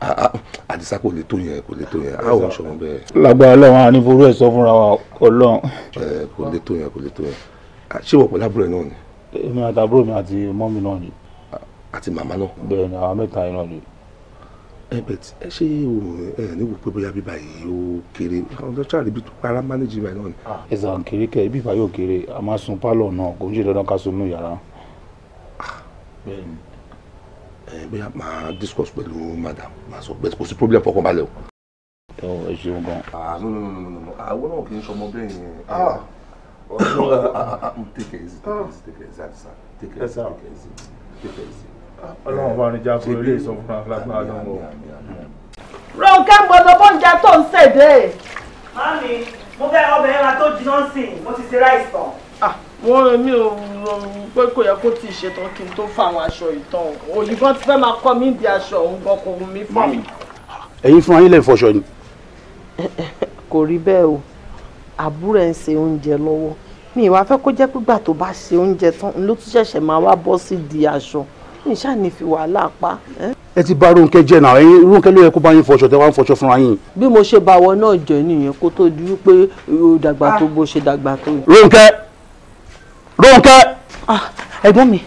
ah, àdìsá kò lè tó yẹn kò lè tó yẹn ah ò ń sọmọ bẹ́ẹ̀. lágbára ọlọ́run àníforú ẹ̀ sọ fúnra wa ọlọ́run. ẹ eh, kò lè tó yẹn kò lè tó yẹn ṣé wọ́pọ̀ lábúrò ẹ̀ náà ni èmi àti àbúrò mi àti mọ́mí náà ni. àti màmá náà. bẹ́ẹ̀ ni àwọn mẹ́ta yìí náà ni. ẹ bẹ tí ẹ ṣe ẹ níwò pé bóyá bíbá yìí ó kéré àwọn ọjọ́ sáré ibi tó para mánéjì báyìí náà ni. ẹ sàn kéré kẹ ibi ìfà yóò kéré a máa sun pálọ̀ náà kò ń ṣe dandan ká sunú yàrá. bẹ́ẹ̀ ni bóyá máa discuss pẹ̀lú madam máa sọ pé kò sí problem fọkàn balẹ̀ o. ẹ ṣeun gan. àà no no no no no àwọn náà kì í ṣọmọ bẹ́ẹ̀ yẹn take it easy take it easy take it easy take it easy take it easy. ọlọ́run bá ní já fún ilé ìsọfúnra lágbára lọ́wọ́. Rónkẹ́ gbọ́dọ̀ bóúnjẹ tó ń ṣèdè. Mami, mo fẹ́ ọbẹ̀ ẹran tó jiná sí i, mo ti ṣe ráìsì tán. Wọ́n mi ò rò pé kò yẹ kó ti ṣetán kí n tó fa àwọn aṣọ ìtàn. Òyìnbọn ti fẹ́ máa kọ́ mi di aṣọ òun gan kò fún mi. Ẹ̀yin fún ayé lè fọṣọ ni. Eh, eh, kò rí bẹ́ẹ̀ o àbúrò ẹ̀ ń ṣe oúnjẹ lọ́wọ́ mi ìwà fẹ́ kó jẹ́ pígbà tó bá ṣe oúnjẹ tán ló tún ṣẹ̀ṣẹ̀ máa wá bọ́ sí di aṣọ mi ṣáà ní fi wàhálà pa. ẹ ti bá Rónkẹ́ jẹ́ náà ẹ̀yin Rónkẹ́ ló yẹ kó bá yín fọṣọ tẹ wá ń fọṣọ fúnra yín. bí mo ṣe bá wọ náà jẹ nìyẹn kó tó di wípé o tó bó ṣe dàgbà tó. Rónkẹ́ Rónkẹ́. Ah, ẹ̀gbọ́n mi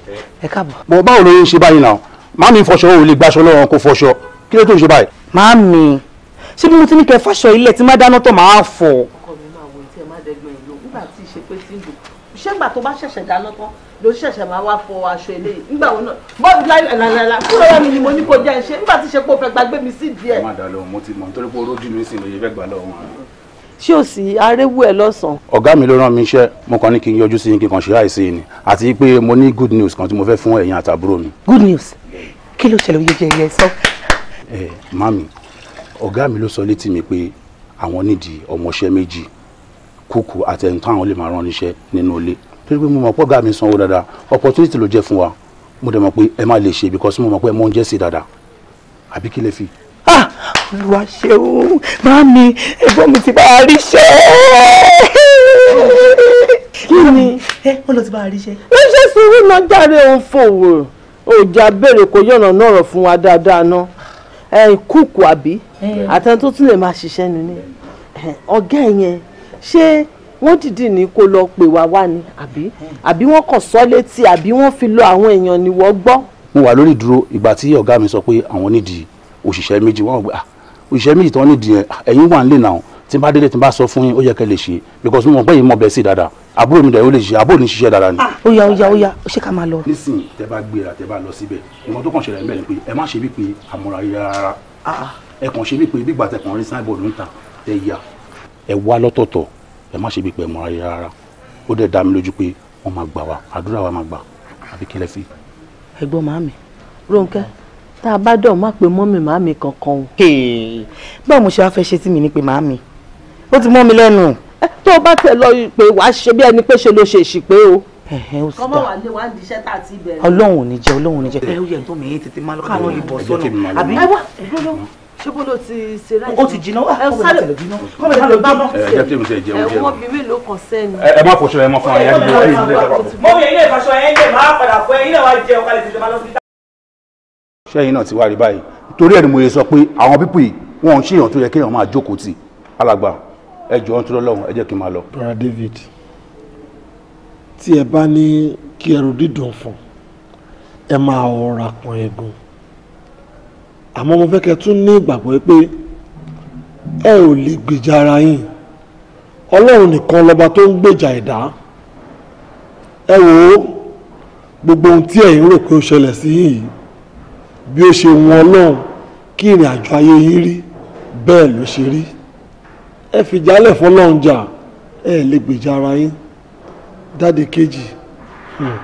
ẹ káàbọ̀. bọ̀ báwo ló ń ṣe báyìí náà má mi fọṣọ ò lè gbaṣọ lọ́wọ́ kó fọṣọ kí ló tó ń ṣe báyìí. má mi ṣé bí mo ti ní kẹ fọṣọ ilẹ̀ tí má dáná tó máa fọ̀ ṣe pé síngò ṣé ìgbà tó bá ṣẹ̀ṣẹ̀ dáná tán ló ṣẹ̀ṣẹ̀ máa wá fọ aṣọ eléyìí nígbà wo náà bọ́ọ̀lù lálẹ́lá kúrò lọ́wọ́ mi ni mo ní kó jẹ́ ṣe nígbà tí ṣe pé o fẹ́ gbàgbé mi sí díẹ̀. má dà mo ti mọ̀ nítorí pé oró dì mí lóye fẹ́ gbà lọ́wọ́ wọn. ṣé o sì arẹ́wù ẹ̀ lọ́sàn-án. ọ̀gá mi ló rán mi iṣẹ́ mo kàn ní kí n yọjú sí kí ṣe àìsí ni àti pé mo ní good news kan tí mo fẹ́ fún ẹ̀yin àtàbúrò mi. good news kí ló ṣẹlẹ̀ kúkú àti ẹni táwọn lè máa rán níṣẹ́ nínú ilé torí pé mo mọ̀ pọ́gà mi sanwó dáadáa opportunity ló jẹ́ fún wa mo dẹ̀ mọ̀ pé ẹ má lè ṣe because mo mọ̀ pé ẹ mọ̀ ń jẹ́ sí dáadáa àbí kí lè fi. Ah! olùwà ṣeun máa mi ẹ̀gbọ́n mi ti bá a rí ṣe. kí ni ẹ wọn lọ ti bá a rí ṣe. ẹ ṣe sùúrù náà jáde òun fòwò òjà béèrè kò yànnà náà rọ̀ fún wa dáadáa náà ẹ kúùkù àbí àtẹnudó tún lè máa ṣiṣẹ́ nínú ọ̀gá ẹ̀ ṣé wọ́n dìdì ní kó lọ pè wá wá ni àbí àbí wọ́n kàn sọ létí àbí wọ́n fi lọ àwọn èèyàn ni wọ́n gbọ́. mo wà lórí ìdúró ìgbà tí ọ̀gá mi sọ pé àwọn nídìí òṣìṣẹ́ méjì wọ́n gbé òṣìṣẹ́ méjì tán nídìí yẹn ẹ̀yin wà ń lè náà tí n bá délé tí n bá sọ fún yín ó yẹ kẹ́ lè ṣe because mo mọ̀ pé yín mọ̀ bẹ́ẹ̀ sí dáadáa àbúrò mi dẹ̀ ó lè ṣe àbúrò ní ṣiṣẹ́ dáadáa ni. Ah, ó yá ó yá ó yá ṣé ká máa lọ. nísìnyí tẹ bá gbéra tẹ bá lọ síbẹ̀ ìwọ̀n tó kàn ṣẹlẹ̀ ń bẹ̀ ni pé ẹ má ṣe bí pé àmúra yára ah, ah. ẹ kàn ṣe bí pé bí gbàtẹ̀kùnrin signboard ń ta tẹ yà ẹ wá lọ́tọ̀ọ̀tọ̀ ẹ má ṣe bí pẹ̀ mọ́ra yẹn rárá ó dẹ̀ dá mi lójú pé wọ́n máa gbà wá àdúrà wa máa gbà àbí kí lẹ fi. ẹ̀gbọ́n màmí Rónkẹ́ tá a bá dọ̀ má pe mọ́mì màmí kankan o. báwo mo ṣe wá fẹ́ ṣe tí mi ní pe màmí ó ti mọ́ mi lẹ́nu. tó o bá tẹ̀ lọ pé wàá ṣe bí ẹni pé ṣe ló ṣe ìṣìpé o kọ́mọ̀ wà lé wà ń diṣẹ́ tá a ọlọ́run ò ní jẹ́ ọlọ́run ò ní jẹ́. ẹ ó yẹ tó mi yín tètè máa lọ káwọn ìbọ̀ sọ́nà àbí. ẹ wá ẹ lọ́wọ́ ṣé bó ló ti ṣe ráì. ó ti jìnnà wá kọ́ bẹ̀rẹ̀ tẹ̀lẹ̀ jìnnà kọ́ bẹ̀rẹ̀ tẹ̀lẹ̀ jìnnà. ẹ jẹ́ tèmi tẹ̀ jẹun jẹun. ọmọ bíi mélòó kan sẹ́ni. ẹ má fọṣọ ẹ má fọ àyà ìlú ẹ ìlú ẹ lọ. mọ́mí ilé ìfọṣọ ẹ ń jẹ máa padà fọ ẹyin náà wá jẹun kalẹ̀ tètè máa lọ sí. sẹ́yìn náà ti wá rí báyìí torí ẹ̀ ni mo yẹ sọ pé àwọn pípì wọn ò ṣèyàn tó yẹ kéèyàn máa jókòó tì alàgbà ẹ jọ ń tó lọ́wọ́ ẹ jẹ́ kí n máa lọ. brother David tí ẹ bá ní kí ẹrù dídùn fún ẹ máa ọ̀rà kan ẹ̀gùn àmọ́ mo fẹ́ kẹ́ tún ní ìgbàgbọ́ pé ẹ ò lè gbèjà ara yín ọlọ́run nìkan lọ́ba tó ń gbèjà ẹ̀dá ẹ wò ó gbogbo ohun tí ẹ̀yin rò pé ó ṣẹlẹ̀ sí yìí bí ó ṣe wọn ọlọ́run kí ìrìn àjò ayé yín rí bẹ́ẹ̀ ló ṣe rí ẹ fìjálẹ̀ fọlọ́run jà ẹ lè gbèjà ara yín dáde kejì hmm.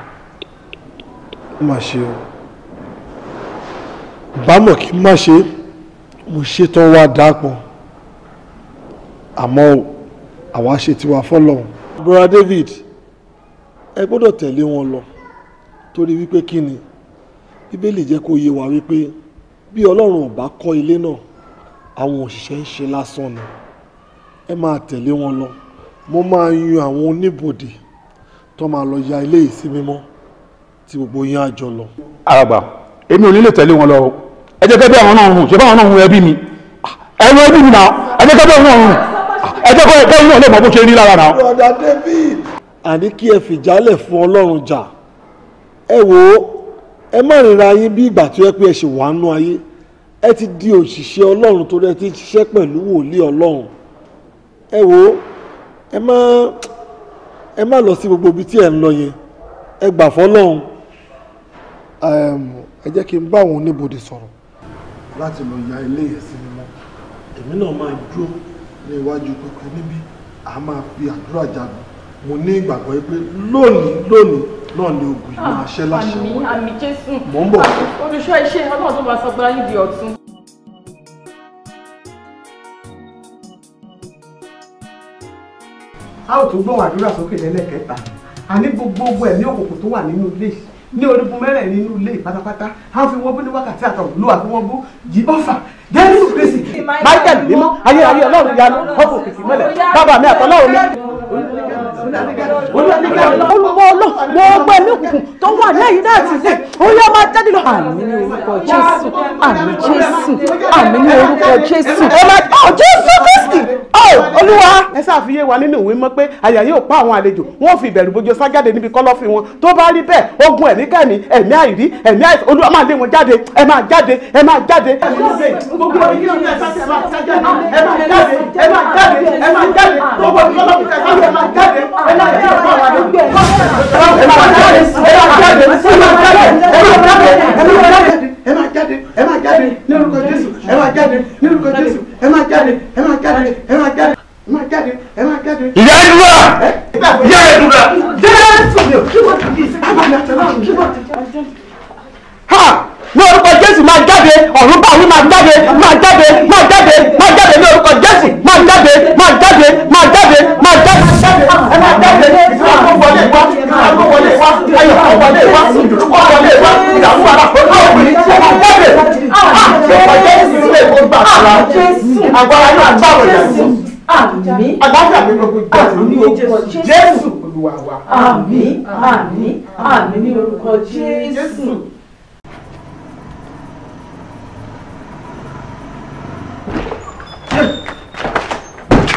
ó mà ṣe bámọ̀ kí n má ṣe mo ṣetán wá dápọ̀ àmọ́ àwa ṣe tiwa fọ́lọ́hún. brother David ẹ gbọ́dọ̀ tẹ̀lé wọn lọ torí wípé kí ni bíbélì jẹ́ kó yé wa wípé bí ọlọ́run ò bá kọ́ ilé náà àwọn òṣìṣẹ́ ń ṣe lásán ni ẹ máa tẹ̀lé wọn lọ mo máa yan àwọn oníbòde tó máa lọ ya ilé yìí sí tí gbogbo yín á lọ. àràbà èmi ò ní lè tẹ̀lé wọn lọ ẹ jẹ́ kẹ́bí àwọn náà hùn ṣe fáwọn náà hùn ẹbí mi ah, ẹ̀rọ ẹbí mi náà ẹ jẹ́ kẹ́bí àwọn náà hùn ah, ẹ jẹ́ àwọn náà lè bó ṣe rí lára náà. ọ̀dà David àní kí ẹ fìjálẹ̀ fún Ọlọ́run jà ẹ wò ó ẹ má rìnra yín bí ìgbà tó yẹ pé ẹ ṣì wà nú ayé ẹ ti di òṣìṣẹ́ Ọlọ́run torí ẹ ti ṣiṣẹ́ pẹ̀lú wòlíì Ọlọ́run ẹ wò ẹ má lọ sí gbogbo ibi tí ẹ ń lọ yẹn ẹ gbà fọlọ́run ẹ jẹ́ kí n bá àwọn oníbodè sọ̀rọ̀ láti lọ ya ilé yẹn sí mímọ́ èmi náà máa dúró ní iwájú pẹpẹ níbí a máa fi àdúrà jagun mo ní ìgbàgbọ́ pé lónìí lónìí náà ni ogun yìí máa ṣẹ́ láṣẹ wọn ah, àmì jésù mò ń bọ̀ olùṣọ́ iṣẹ́ ọlọ́run tó bá sọ pé ayé di ọ̀tún. a ò tún gbọ́ àdúrà sókè lẹ́lẹ́kẹta a ní gbogbo ẹ̀mí òkùnkùn tó wà nínú ilé yìí ní orígun mẹ́rẹ̀ nínú ilé pátápátá a fi wọ́n bó ní wákàtí àtàwọn olúwa fi wọ́n bó jí ọ̀fà jésù kristi májẹ̀lú mímọ́ ayé ayé ọlọ́run yanu ọ̀pọ̀ kìkì mọ́lẹ̀ bàbá mi àtọ́lọ́run mi olùwọ́ ọlọ́run gbogbo ẹ̀mí òkùnkùn tó wà lẹ́yìn náà ti dé oyè máa jáde lọ àmì ní orúkọ jésù àmì jésù àmì ní orúkọ jésù ọ oh, jésù kristi ọ oh, olúwa. ẹ ṣàfihàn wa nínú ìwé mọ́ pé àyà yóò pa àwọn àlejò wọ́n fi ìbẹ̀rù bójú sájáde níbi kọ́lọ́fín wọn tó bá rí bẹ́ẹ̀ ogun ẹ̀mí kẹ́mi ẹ̀mí àìrí ẹ̀mí àìsàn olúwa máa lé wọn jáde ẹ máa jáde ẹ máa jáde. gbogbo ìdílé ọ̀sẹ̀ ẹ máa jáde ẹ máa jáde ẹ máa jáde ẹ máa jáde gbogbo ìdílé ọ̀sẹ̀ ẹ máa jáde ẹ máa jáde ẹ máa jáde ní orúkọ Jésù ẹ máa jáde ní orúkọ Jésù ẹ máa jáde ẹ máa jáde ẹ máa jáde ẹ máa jáde ẹ máa jáde. ìyá ìdúrà ìyá ìdúrà. Jésù mi ò kí wọ́n ti di ìsìnkú àgbàdo àtẹ̀lá mi kí wọ́n ti di ní orúkọ jésù máa jáde ọ̀run bá wí máa jáde máa jáde máa jáde máa jáde ní orúkọ jésù máa jáde máa jáde máa jáde máa jáde. ẹ máa jáde ìsìláàmù wọlé wá ìsìláàmù wọlé wá ayọ̀ wọlé wá ìdùnnú wọlé wá ìdààmú ara pẹ̀lú ọ̀gbìn ṣe máa jáde. orúkọ jésù ilé ìwọ gbà fúnra agbára yóò gbà wọlé. agbára mi gbogbo jésù ní orúkọ jésù olúwa wa. àmín àmín àmín ní orúkọ jésù.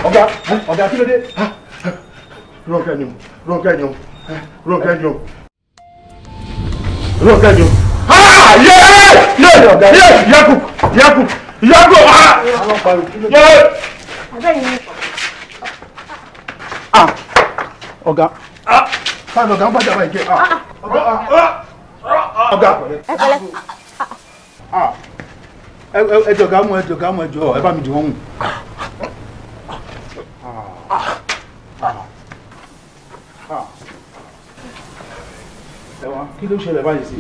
ọ̀gá ọ̀gá kí ló dé Rónkẹ́ ni o Rónkẹ́ ni o Rónkẹ́ ni o yaku yaku yaku ah fáwọn ọ̀gá ń bá jàmbá ìjẹ́ ọ̀gá ẹjọ ká mú ẹjọ ká mú ẹjọ ẹ bá mi dì wọ́n mú. ẹwà kí ló ṣẹlẹ̀ báyìí sí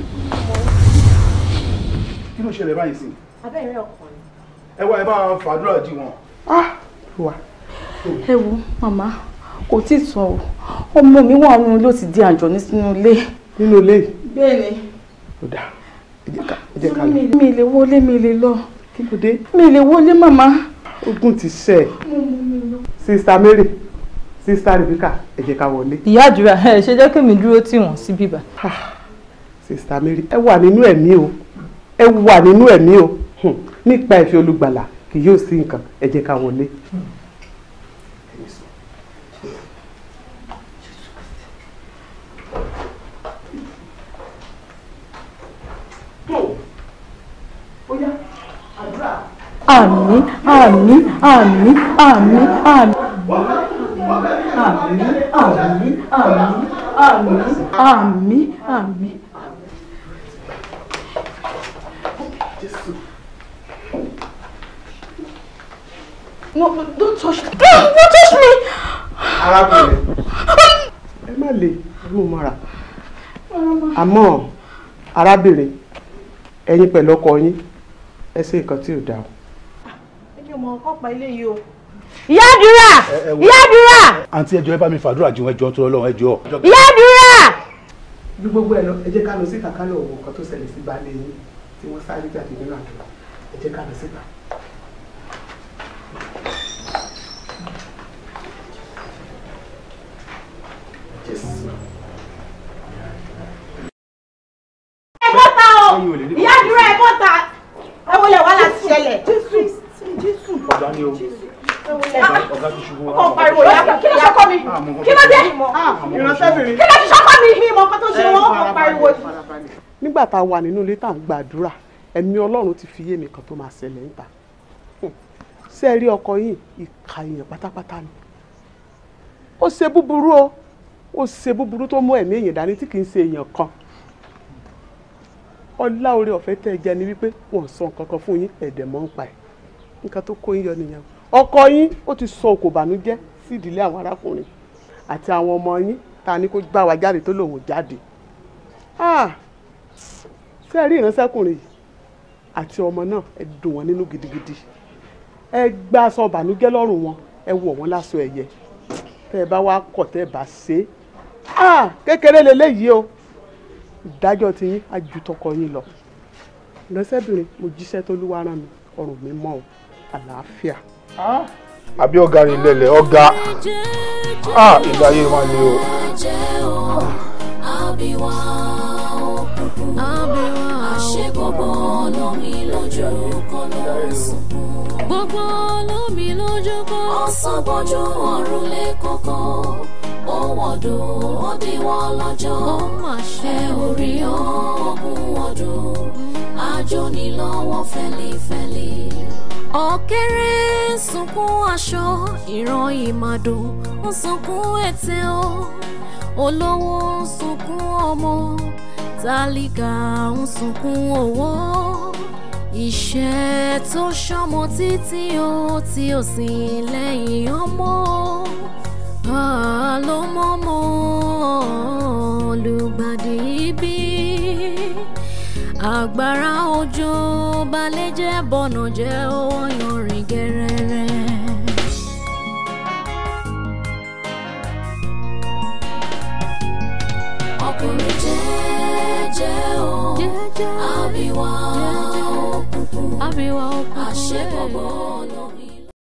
kí ló ṣẹlẹ̀ báyìí sí. abẹ́rẹ́ ọkàn ni. ẹwà ẹ bá fàdúrà jí wọn. Ah, ẹ wo màmá kò tí ì sọ o ọmọ mi wà nínú ilé ó ti di àjọ ní sínú ilé. nínú ilé. bẹ́ẹ̀ ó dáa jẹ́ mi lè wọlé mi lè lọ. kí ló dé. mi lè wọlé màmá. ogun ti ṣe. sista Mary sista Rebecca ẹ jẹ́ ká wọlé. ìyá àdúrà ẹ ṣe jẹ́ kí mi dúró tì wọ́n sí bíbá. sista Mary ẹ wà nínú ẹ̀mí o ẹ wà nínú ẹ̀mí o nípa ìfẹ́ olùgbàlà kì yóò sí nǹkan ẹ jẹ́ ká wọlé. Hmm. àmín àmín àmín àmín àmín àmín àmín àmín àmín àmín àmín. No, no, don't touch me. Don't, don't touch me. Arábìnrin. Ẹ má le, mo mara. Àmọ́ arábìnrin, ẹ̀yin pẹ̀lú ọkọ yín, ẹ ṣe nǹkan tí ò dáa ìyá àdúrà ìyá àdúrà. àǹtí ẹjọ́ ẹ bá mi fàdúrà jù ẹjọ́ tó lọ́wọ́ ẹjọ́. ìyá àdúrà. bí gbogbo ẹ lọ ẹ jẹ́ ká lọ síta ká lọ wo nǹkan tó ṣẹlẹ̀ sí baálé yín tí wọ́n sáré jáde nínú àdúrà ẹ jẹ́ ká lọ síta. ẹ bọ́ta o ìyá àdúrà ẹ bọ́ta ẹ wọlé wàhálà ti ṣẹlẹ̀ ọ̀gá ni o ọ̀gá ti ṣubú wa. ọkọ pariwo ya kí ló ṣọkọ mi ah, kí ló dé ah, kí ló ti ṣọkọ mi mi mọ kó tó ṣe wọn ọkọ pariwo. nígbà tá a wà nínú ilé tá à ń gbàdúrà ẹ̀mí ọlọ́run ti fi yé mi kan tó máa ṣẹlẹ̀ níta ṣé ẹ rí ọkọ yìí ìka èèyàn pátápátá ni ó ṣe búburú o ó ṣe búburú tó mú ẹ̀mí èèyàn dání tí kì í ṣe èèyàn kan ọlá ọ̀fẹ́ tẹ́ ẹ ni wípé wọ́n sọ nǹkan kan fún yín ẹ̀dẹ̀ mọ́ ń pa ẹ̀ nǹkan tó kó yín yọ nìyẹn ọkọ yín ó ti sọ òkò bànújẹ́ sí ìdílé àwọn arákùnrin àti àwọn ọmọ yín ta ni kó gbà wá jáde tó lòun jáde ah! ṣé ẹ rí ìránṣẹ́kùnrin yìí àti ọmọ náà ẹ dùn wọ́n nínú gidigidi ẹ gbá aṣọ bànújẹ́ lọ́rùn wọn ẹ wọ̀ wọ́n láṣọ ẹ̀yẹ tẹ́ ẹ bá wá kọ̀ tẹ́ ẹ bá ṣe ah! kékeré lélẹ́yìí o ìdájọ́ ti yín á ju tọkọ yín lọ ìránṣẹ́bìnrin mo jíṣẹ́ tó lúwa rán mi ọrùn mi mọ́ o àlàáfíà. Ah. àbí ọ̀gá rìn lẹ̀lẹ̀ ọ̀gá ah, ìgbà yìí máa le o. àbíwá ah. òkùnkùn àṣẹ gbogbo olómi lójú kan ló ń sunkún. gbogbo olómi lójú kan. ọ̀sán bọ́jú ọ̀run lé kọ̀ọ̀kan ohun ọdún òdiwọ̀n lọ́jọ́ ẹ orí ogún ọdún àjò nílọ́wọ́ fẹ́lifẹ́li ọ̀kẹ́rẹ́ ń sunkún aṣọ ìran ìmàdò ń sunkún ètè o olówó ń sunkún ọmọ tálíkà ń sunkún owó ìṣẹ́ tó ṣọmọ títí o tí o sì lẹ́yìn ọmọ ló mọ́mọ́ olùgbàdì bíi àgbàrá òjò balẹ̀ jẹ́ bọ̀nà jẹ́ owó yanrìn gẹ́rẹ́rẹ́. ọkùnrin jẹ́jẹ́ o àbíwá òkùnkùn àṣẹ bọ̀bọ̀ ọ̀nà